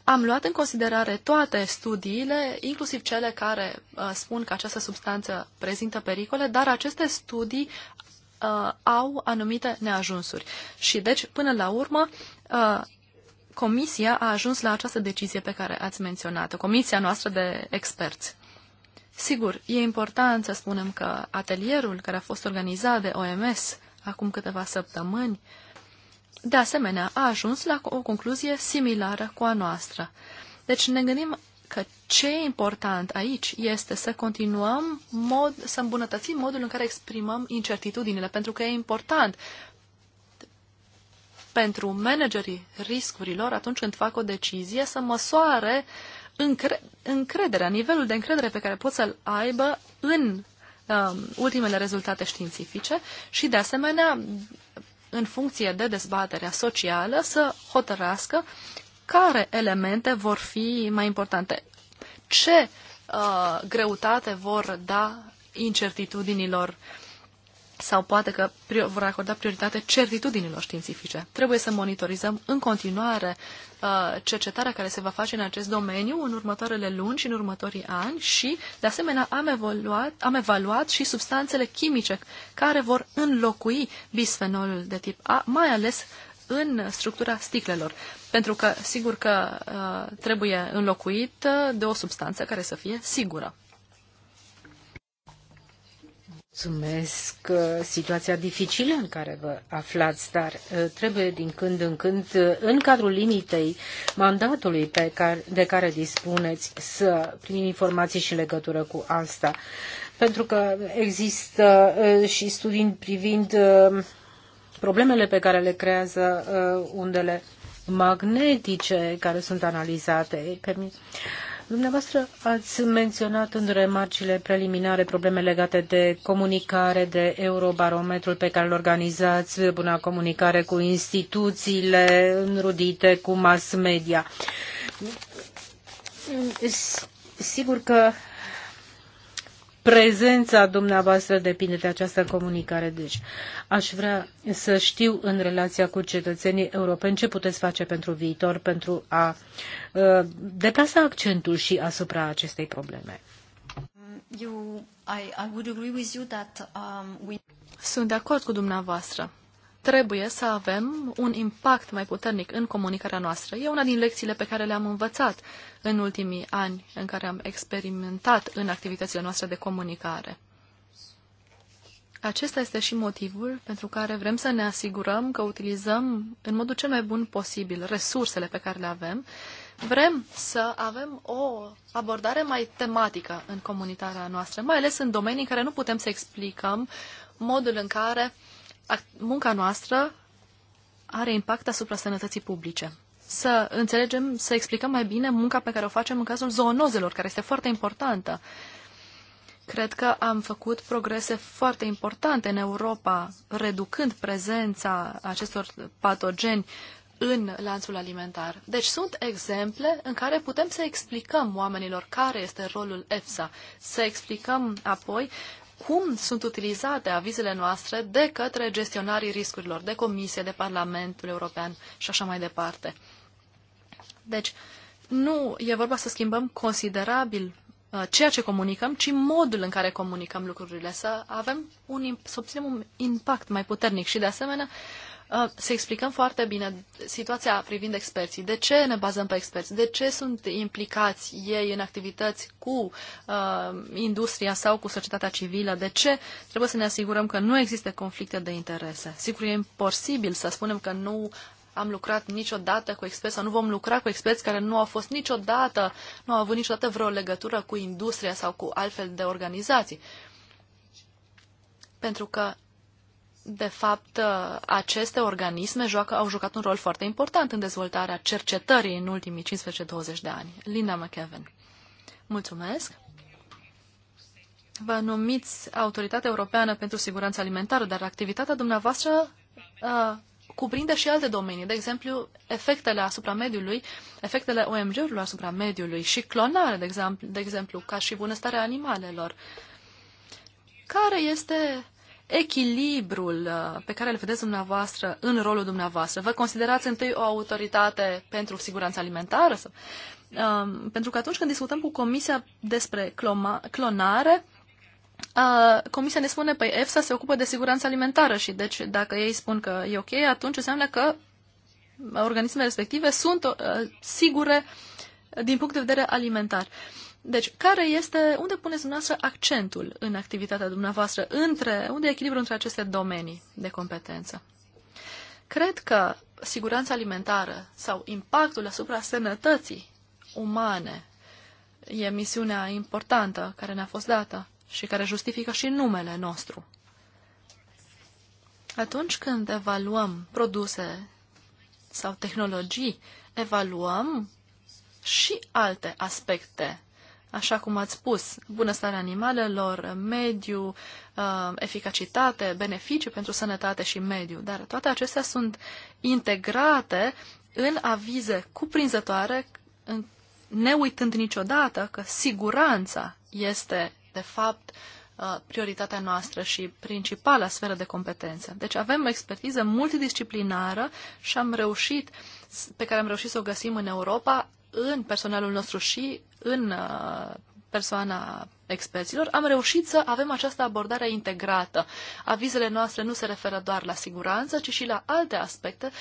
am luat în considerare toate studiile, inclusiv cele care uh, spun că această substanță prezintă pericole, dar aceste studii uh, au anumite neajunsuri. Și deci, până la urmă, uh, Comisia a ajuns la această decizie pe care ați menționat-o, Comisia noastră de experți. Sigur, e important să spunem că atelierul care a fost organizat de OMS acum câteva săptămâni, de asemenea, a ajuns la o concluzie similară cu a noastră. Deci ne gândim că ce e important aici este să continuăm mod, să îmbunătățim modul în care exprimăm incertitudinile, pentru că e important pentru managerii riscurilor atunci când fac o decizie să măsoare uh, încre- încrederea, nivelul de încredere pe care pot să-l aibă în um, ultimele rezultate științifice și, de asemenea, în funcție de dezbaterea socială, să hotărască care elemente vor fi mai importante, ce uh, greutate vor da incertitudinilor uh, sau poate că vor acorda prioritate certitudinilor științifice. Trebuie să monitorizăm în continuare uh, cercetarea care se va face în acest domeniu în următoarele luni și în următorii ani și, de asemenea, am, evoluat, am evaluat și substanțele chimice care vor înlocui bisfenolul de tip A, mai ales în structura sticlelor. Pentru că, sigur că uh, trebuie înlocuit de o substanță care să fie sigură. Mulțumesc situația dificilă în care vă aflați, dar uh, trebuie din când în când, uh, în cadrul limitei mandatului pe care, de care dispuneți, să primim informații și în legătură cu asta. Pentru că există uh, și studii privind problemele pe care le creează undele magnetice care sunt analizate. Pe mine Dumneavoastră ați menționat în remarcile preliminare probleme legate de comunicare, de eurobarometrul pe care îl organizați, buna comunicare cu instituțiile înrudite, cu mass media. Sigur că prezența dumneavoastră depinde de această comunicare. Deci, aș vrea să știu în relația cu cetățenii europeni ce puteți face pentru viitor, pentru a uh, deplasa accentul și asupra acestei probleme. You, I, I would agree with you that, um, we... Sunt de acord cu dumneavoastră trebuie să avem un impact mai puternic în comunicarea noastră. E una din lecțiile pe care le-am învățat în ultimii ani în care am experimentat în activitățile noastre de comunicare. Acesta este și motivul pentru care vrem să ne asigurăm că utilizăm în modul cel mai bun posibil resursele pe care le avem. Vrem să avem o abordare mai tematică în comunitatea noastră, mai ales în domenii în care nu putem să explicăm modul în care uh, munca noastră are impact asupra sănătății publice. Să înțelegem, să explicăm mai bine munca pe care o facem în cazul zoonozelor, care este foarte importantă. Cred că am făcut progrese foarte importante în Europa, reducând prezența acestor patogeni în lanțul alimentar. Deci sunt exemple în care putem să explicăm oamenilor care este rolul EFSA, să explicăm apoi cum sunt utilizate avizele noastre de către gestionarii riscurilor, de Comisie, de Parlamentul European și așa mai departe. Deci, nu e vorba să schimbăm considerabil uh, ceea ce comunicăm, ci modul în care comunicăm lucrurile, să avem un, să obținem un impact mai puternic și de asemenea Uh, să explicăm foarte bine situația privind experții. De ce ne bazăm pe experți? De ce sunt implicați ei în activități cu uh, industria sau cu societatea civilă? De ce trebuie să ne asigurăm că nu există conflicte de interese? Sigur, e imposibil să spunem că nu am lucrat niciodată cu experți sau nu vom lucra cu experți care nu au fost niciodată, nu au avut niciodată vreo legătură cu industria sau cu altfel de organizații. Pentru că de fapt, aceste organisme joacă, au jucat un rol foarte important în dezvoltarea cercetării în ultimii 15-20 de ani. Linda McKeven. Mulțumesc. Vă numiți Autoritatea Europeană pentru Siguranța Alimentară, dar activitatea dumneavoastră uh, cuprinde și alte domenii, de exemplu, efectele asupra mediului, efectele OMG-urilor asupra mediului și clonare, de exemplu, de exemplu ca și bunăstarea animalelor. Care este echilibrul uh, pe care îl vedeți dumneavoastră în rolul dumneavoastră? Vă considerați întâi o autoritate pentru siguranța alimentară? Sau, um, pentru că atunci când discutăm cu Comisia despre clonare, uh, Comisia ne spune, păi EFSA se ocupă de siguranța alimentară și deci dacă ei spun că e ok, atunci înseamnă că organismele respective sunt uh, sigure din punct de vedere alimentar. Uh, deci, care este, unde puneți dumneavoastră accentul în activitatea dumneavoastră, între, unde e echilibrul între aceste domenii de competență? Cred că siguranța alimentară sau impactul asupra sănătății umane e misiunea importantă care ne-a fost dată și care justifică și numele nostru. Atunci când evaluăm produse sau tehnologii, evaluăm și alte aspecte așa cum ați spus, bunăstarea animalelor, mediu, uh, eficacitate, beneficii pentru sănătate și mediu. Dar toate acestea sunt integrate în avize cuprinzătoare, ne uitând niciodată că siguranța este, de fapt, uh, prioritatea noastră și principala sferă de competență. Deci avem o expertiză multidisciplinară și am reușit, pe care am reușit să o găsim în Europa, în personalul nostru și în uh, persoana experților, am reușit să avem această abordare integrată. Avizele noastre nu se referă doar la siguranță, ci și la alte aspecte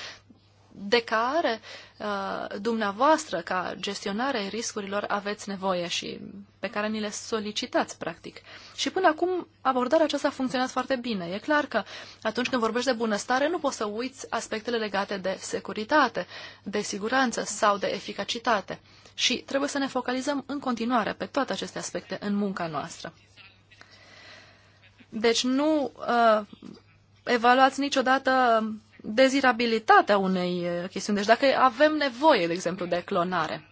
de care uh, dumneavoastră, ca gestionare ai riscurilor, aveți nevoie și pe care ni le solicitați, practic. Și până acum, abordarea aceasta a funcționat foarte bine. E clar că atunci când vorbești de bunăstare, nu poți să uiți aspectele legate de securitate, de siguranță sau de eficacitate. Și trebuie să ne focalizăm în continuare pe toate aceste aspecte în munca noastră. Deci nu uh, evaluați niciodată dezirabilitatea unei eh, chestiuni. Deci dacă avem nevoie, de exemplu, de clonare.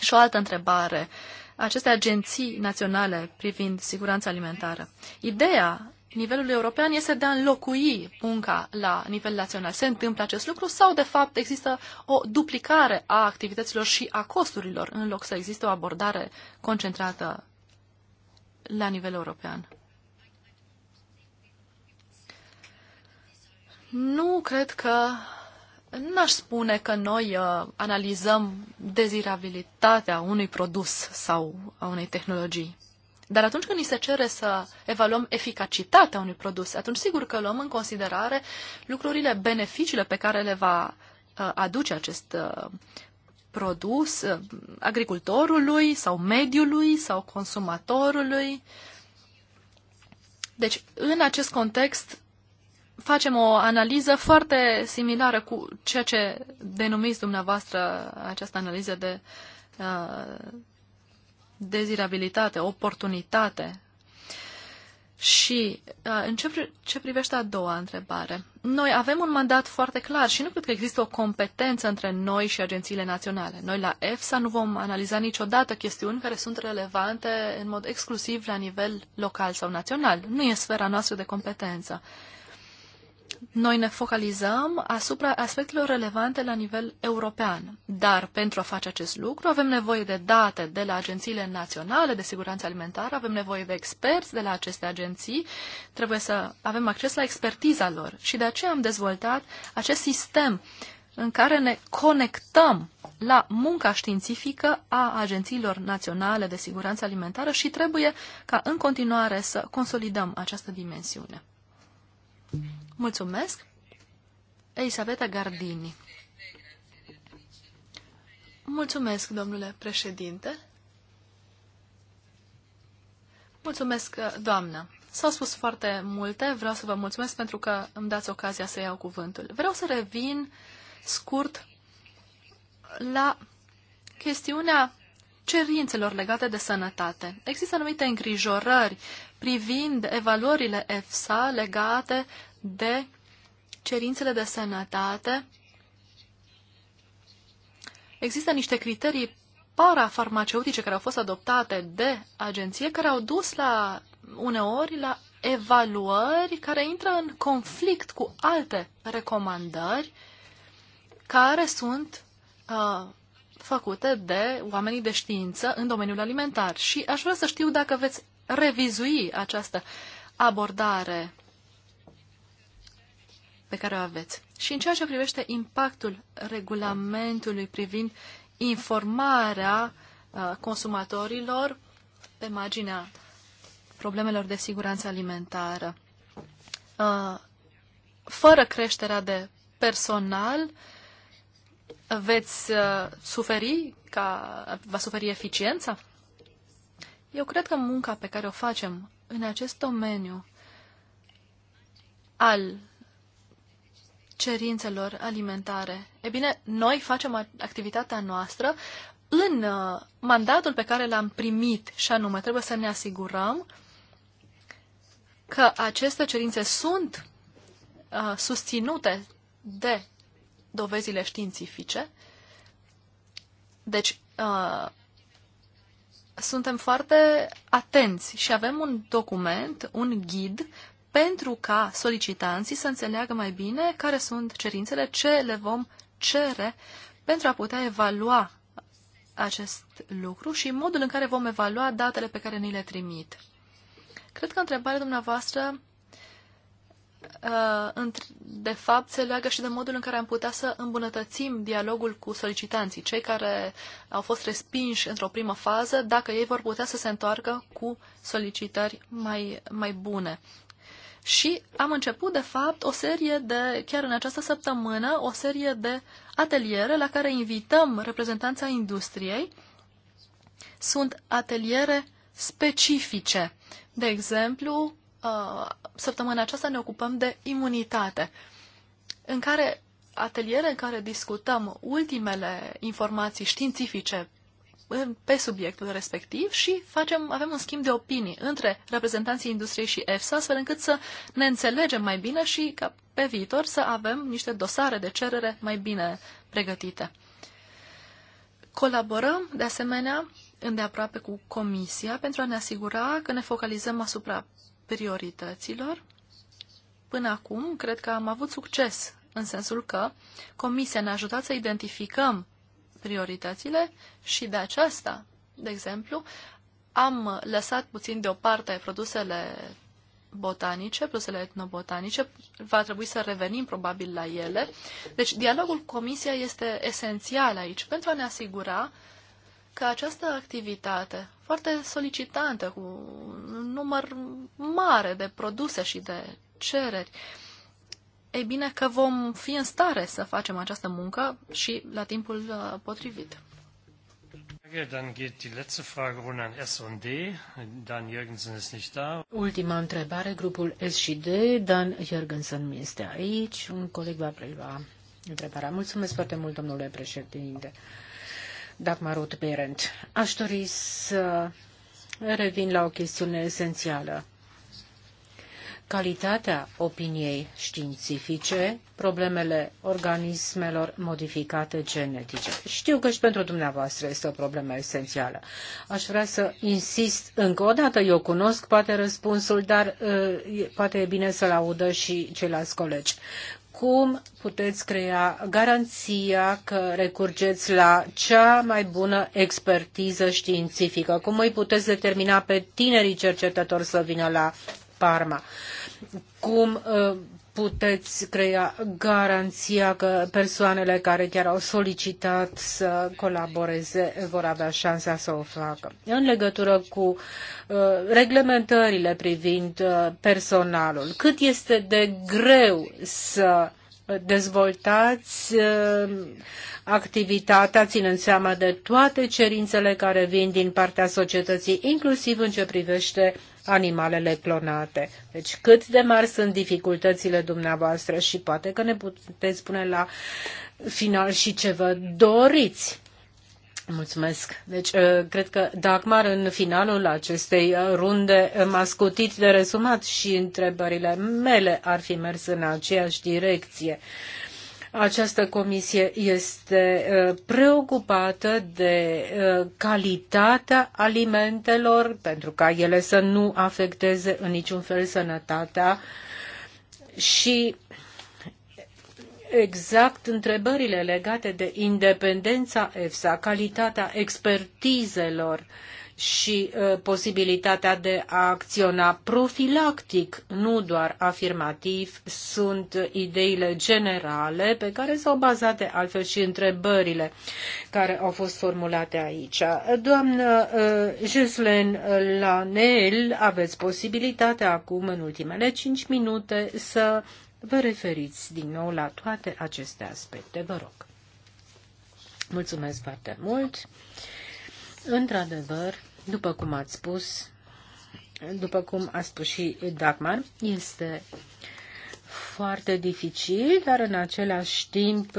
Și o altă întrebare. Aceste agenții naționale privind siguranța alimentară. Ideea nivelul european este de a înlocui munca la nivel național. Se întâmplă acest lucru sau, de fapt, există o duplicare a activităților și a costurilor în loc să existe o abordare concentrată la nivel european? Nu cred că N-aș spune că noi uh, analizăm dezirabilitatea unui produs sau a unei tehnologii. Dar atunci când ni se cere să evaluăm eficacitatea unui produs, atunci sigur că luăm în considerare lucrurile, beneficiile pe care le va uh, aduce acest uh, produs uh, agricultorului sau mediului sau consumatorului. Deci, în acest context, facem o analiză foarte similară cu ceea ce denumiți dumneavoastră această analiză de uh, dezirabilitate, oportunitate. Și uh, în ce, ce privește a doua întrebare, noi avem un mandat foarte clar și nu cred că există o competență între noi și agențiile naționale. Noi la EFSA nu vom analiza niciodată chestiuni care sunt relevante în mod exclusiv la nivel local sau național. Nu e sfera noastră de competență noi ne focalizăm asupra aspectelor relevante la nivel european. Dar pentru a face acest lucru avem nevoie de date de la agențiile naționale de siguranță alimentară, avem nevoie de experți de la aceste agenții, trebuie să avem acces la expertiza lor. Și de aceea am dezvoltat acest sistem în care ne conectăm la munca științifică a agențiilor naționale de siguranță alimentară și trebuie ca în continuare să consolidăm această dimensiune. Mulțumesc. Elisabeta Gardini. Mulțumesc, domnule președinte. Mulțumesc, doamnă. S-au spus foarte multe, vreau să vă mulțumesc pentru că îmi dați ocazia să iau cuvântul. Vreau să revin scurt la chestiunea cerințelor legate de sănătate. Există anumite îngrijorări privind evaluările EFSA legate de cerințele de sănătate, există niște criterii parafarmaceutice care au fost adoptate de agenție, care au dus la uneori la evaluări care intră în conflict cu alte recomandări care sunt uh, făcute de oamenii de știință în domeniul alimentar. Și aș vrea să știu dacă veți revizui această abordare pe care o aveți. Și în ceea ce privește impactul regulamentului privind informarea uh, consumatorilor pe marginea problemelor de siguranță alimentară. Uh, fără creșterea de personal, veți uh, suferi, ca, va suferi eficiența? Eu cred că munca pe care o facem în acest domeniu al cerințelor alimentare. E bine, noi facem activitatea noastră în uh, mandatul pe care l-am primit și anume trebuie să ne asigurăm că aceste cerințe sunt uh, susținute de dovezile științifice. Deci, uh, suntem foarte atenți și avem un document, un ghid pentru ca solicitanții să înțeleagă mai bine care sunt cerințele, ce le vom cere pentru a putea evalua acest lucru și modul în care vom evalua datele pe care ni le trimit. Cred că întrebarea dumneavoastră uh, de fapt se leagă și de modul în care am putea să îmbunătățim dialogul cu solicitanții, cei care au fost respinși într-o primă fază, dacă ei vor putea să se întoarcă cu solicitări mai, mai bune. Și am început, de fapt, o serie de, chiar în această săptămână, o serie de ateliere la care invităm reprezentanța industriei. Sunt ateliere specifice. De exemplu, uh, săptămâna aceasta ne ocupăm de imunitate, în care ateliere în care discutăm ultimele informații științifice pe subiectul respectiv și facem, avem un schimb de opinii între reprezentanții industriei și EFSA, astfel încât să ne înțelegem mai bine și ca pe viitor să avem niște dosare de cerere mai bine pregătite. Colaborăm, de asemenea, îndeaproape cu Comisia pentru a ne asigura că ne focalizăm asupra priorităților. Până acum, cred că am avut succes în sensul că Comisia ne-a ajutat să identificăm prioritățile și de aceasta, de exemplu, am lăsat puțin deoparte produsele botanice, produsele etnobotanice, va trebui să revenim probabil la ele. Deci dialogul cu Comisia este esențial aici pentru a ne asigura că această activitate foarte solicitantă, cu un număr mare de produse și de cereri, uh, e bine că vom fi în stare să facem această muncă și la timpul uh, potrivit. Da. Ultima întrebare, grupul S și D, Dan Jürgensen este aici, un coleg va prelua întrebarea. Mulțumesc foarte mult, domnule președinte. Dagmar Berend. Aș dori să revin la o chestiune esențială calitatea opiniei științifice, problemele organismelor modificate genetice. Știu că și pentru dumneavoastră este o problemă esențială. Aș vrea să insist încă o dată, eu cunosc poate răspunsul, dar uh, poate e bine să-l audă și ceilalți colegi. Cum puteți crea garanția că recurgeți la cea mai bună expertiză științifică? Cum îi puteți determina pe tinerii cercetători să vină la Parma. Cum uh, puteți crea garanția că persoanele care chiar au solicitat să colaboreze vor avea șansa să o facă. În legătură cu uh, reglementările privind uh, personalul, cât este de greu să dezvoltați uh, activitatea ținând seama de toate cerințele care vin din partea societății, inclusiv în ce privește animalele clonate. Deci cât de mari sunt dificultățile dumneavoastră și poate că ne puteți spune la final și ce vă doriți. Mulțumesc. Deci, uh, cred că Dagmar, în finalul acestei runde, m-a scutit de rezumat și întrebările mele ar fi mers în aceeași direcție. Această comisie este uh, preocupată de uh, calitatea alimentelor pentru ca ele să nu afecteze în niciun fel sănătatea și exact întrebările legate de independența EFSA, calitatea expertizelor uh, și ă, posibilitatea de a acționa profilactic, nu doar afirmativ, sunt ideile generale pe care s-au bazat de altfel și întrebările care au fost formulate aici. Doamnă Juslen ă, Lanel, aveți posibilitatea acum, în ultimele 5 minute, să vă referiți din nou la toate aceste aspecte. Vă rog. Mulțumesc foarte mult. Uh, Într-adevăr, după cum ați spus, după cum a spus și Dagmar, este foarte dificil, dar în același timp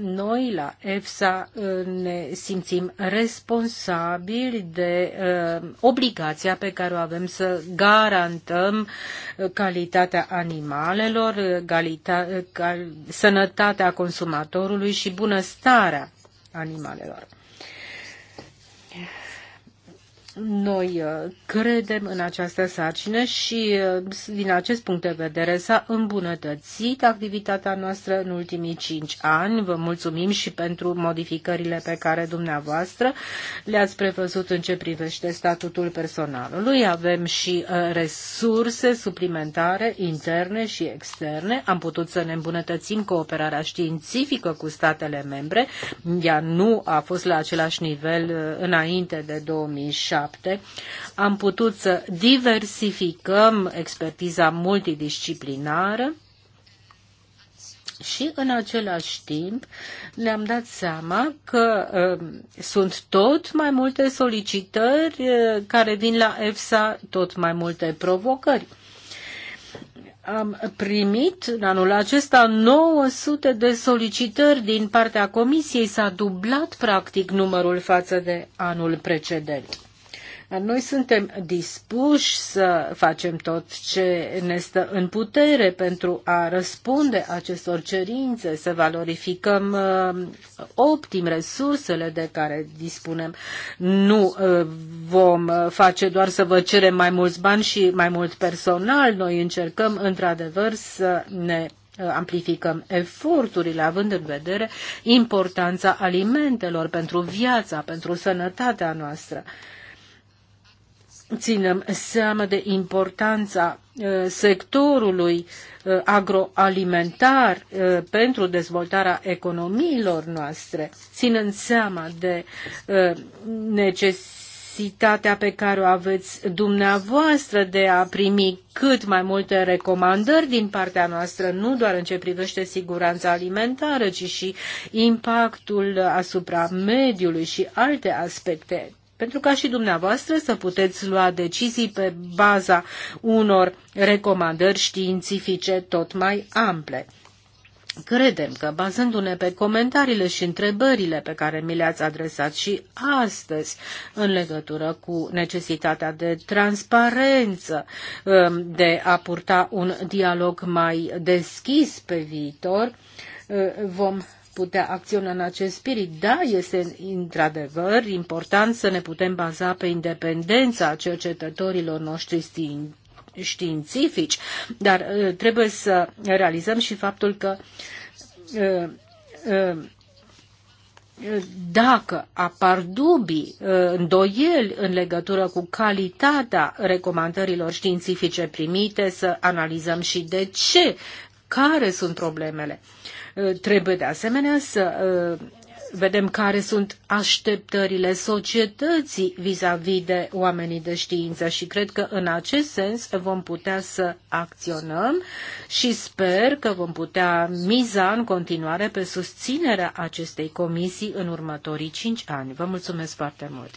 noi la EFSA uh, ne simțim responsabili de uh, obligația pe care o avem să garantăm uh, calitatea animalelor, calita, cal, sănătatea consumatorului și bunăstarea animalelor. Noi uh, credem în această sarcină și, uh, din acest punct de vedere, s-a îmbunătățit activitatea noastră în ultimii cinci ani. Vă mulțumim și pentru modificările pe care dumneavoastră le-ați prevăzut în ce privește statutul personalului. Avem și uh, resurse suplimentare interne și externe. Am putut să ne îmbunătățim cooperarea științifică cu statele membre. Ea nu a fost la același nivel înainte de 2007 2007, am putut să diversificăm expertiza multidisciplinară și în același timp ne-am dat seama că uh, sunt tot mai multe solicitări uh, care vin la EFSA, tot mai multe provocări. Am primit în anul acesta 900 de solicitări din partea Comisiei, s-a dublat practic numărul față de anul precedent. Noi suntem dispuși să facem tot ce ne stă în putere pentru a răspunde acestor cerințe, să valorificăm uh, optim resursele de care dispunem. Nu uh, vom uh, face doar să vă cerem mai mulți bani și mai mult personal. Noi încercăm într-adevăr să ne amplificăm eforturile, având în vedere importanța alimentelor pentru viața, pentru sănătatea noastră ținem seama de importanța uh, sectorului uh, agroalimentar uh, pentru dezvoltarea economiilor noastre, ținând seama de necesitatea pe care o aveți dumneavoastră de a primi cât mai multe recomandări din partea noastră, nu doar în ce privește siguranța alimentară, ci și impactul asupra mediului și alte aspecte pentru ca și dumneavoastră să puteți lua decizii pe baza unor recomandări științifice tot mai ample. Credem că, bazându-ne pe comentariile și întrebările pe care mi le-ați adresat și astăzi în legătură cu necesitatea de transparență, um, de a purta un dialog mai deschis pe viitor, uh, vom putea acționa în acest spirit. Da, este într-adevăr important să ne putem baza pe independența cercetătorilor noștri științifici, dar uh, trebuie să realizăm și faptul că uh, uh, dacă apar dubii, îndoieli în legătură cu calitatea recomandărilor științifice primite, să analizăm și de ce, care sunt problemele. Uh, trebuie de asemenea să uh, vedem care sunt așteptările societății vis-a-vis -vis de oamenii de știință și cred că în acest sens vom putea să acționăm și sper că vom putea miza în continuare pe susținerea acestei comisii în următorii cinci ani. Vă mulțumesc foarte mult!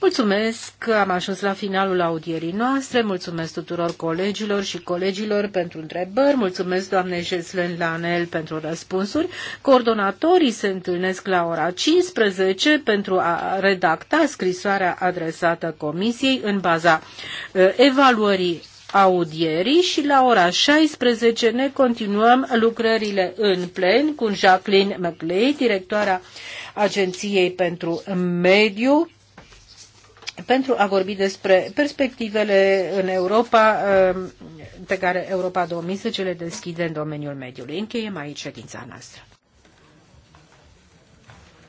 Mulțumesc că am ajuns la finalul audierii noastre, mulțumesc tuturor colegilor și colegilor pentru întrebări, mulțumesc doamnei Jeslen Lanel pentru răspunsuri. Coordonatorii se întâlnesc la ora 15 pentru a redacta scrisoarea adresată Comisiei în baza ă, evaluării audierii și la ora 16 ne continuăm lucrările în plen cu Jacqueline McLeay, directoarea Agenției pentru Mediu, pentru a vorbi despre perspectivele în Europa um, pe care Europa 2010 le deschide în domeniul mediului. Încheiem aici ședința noastră.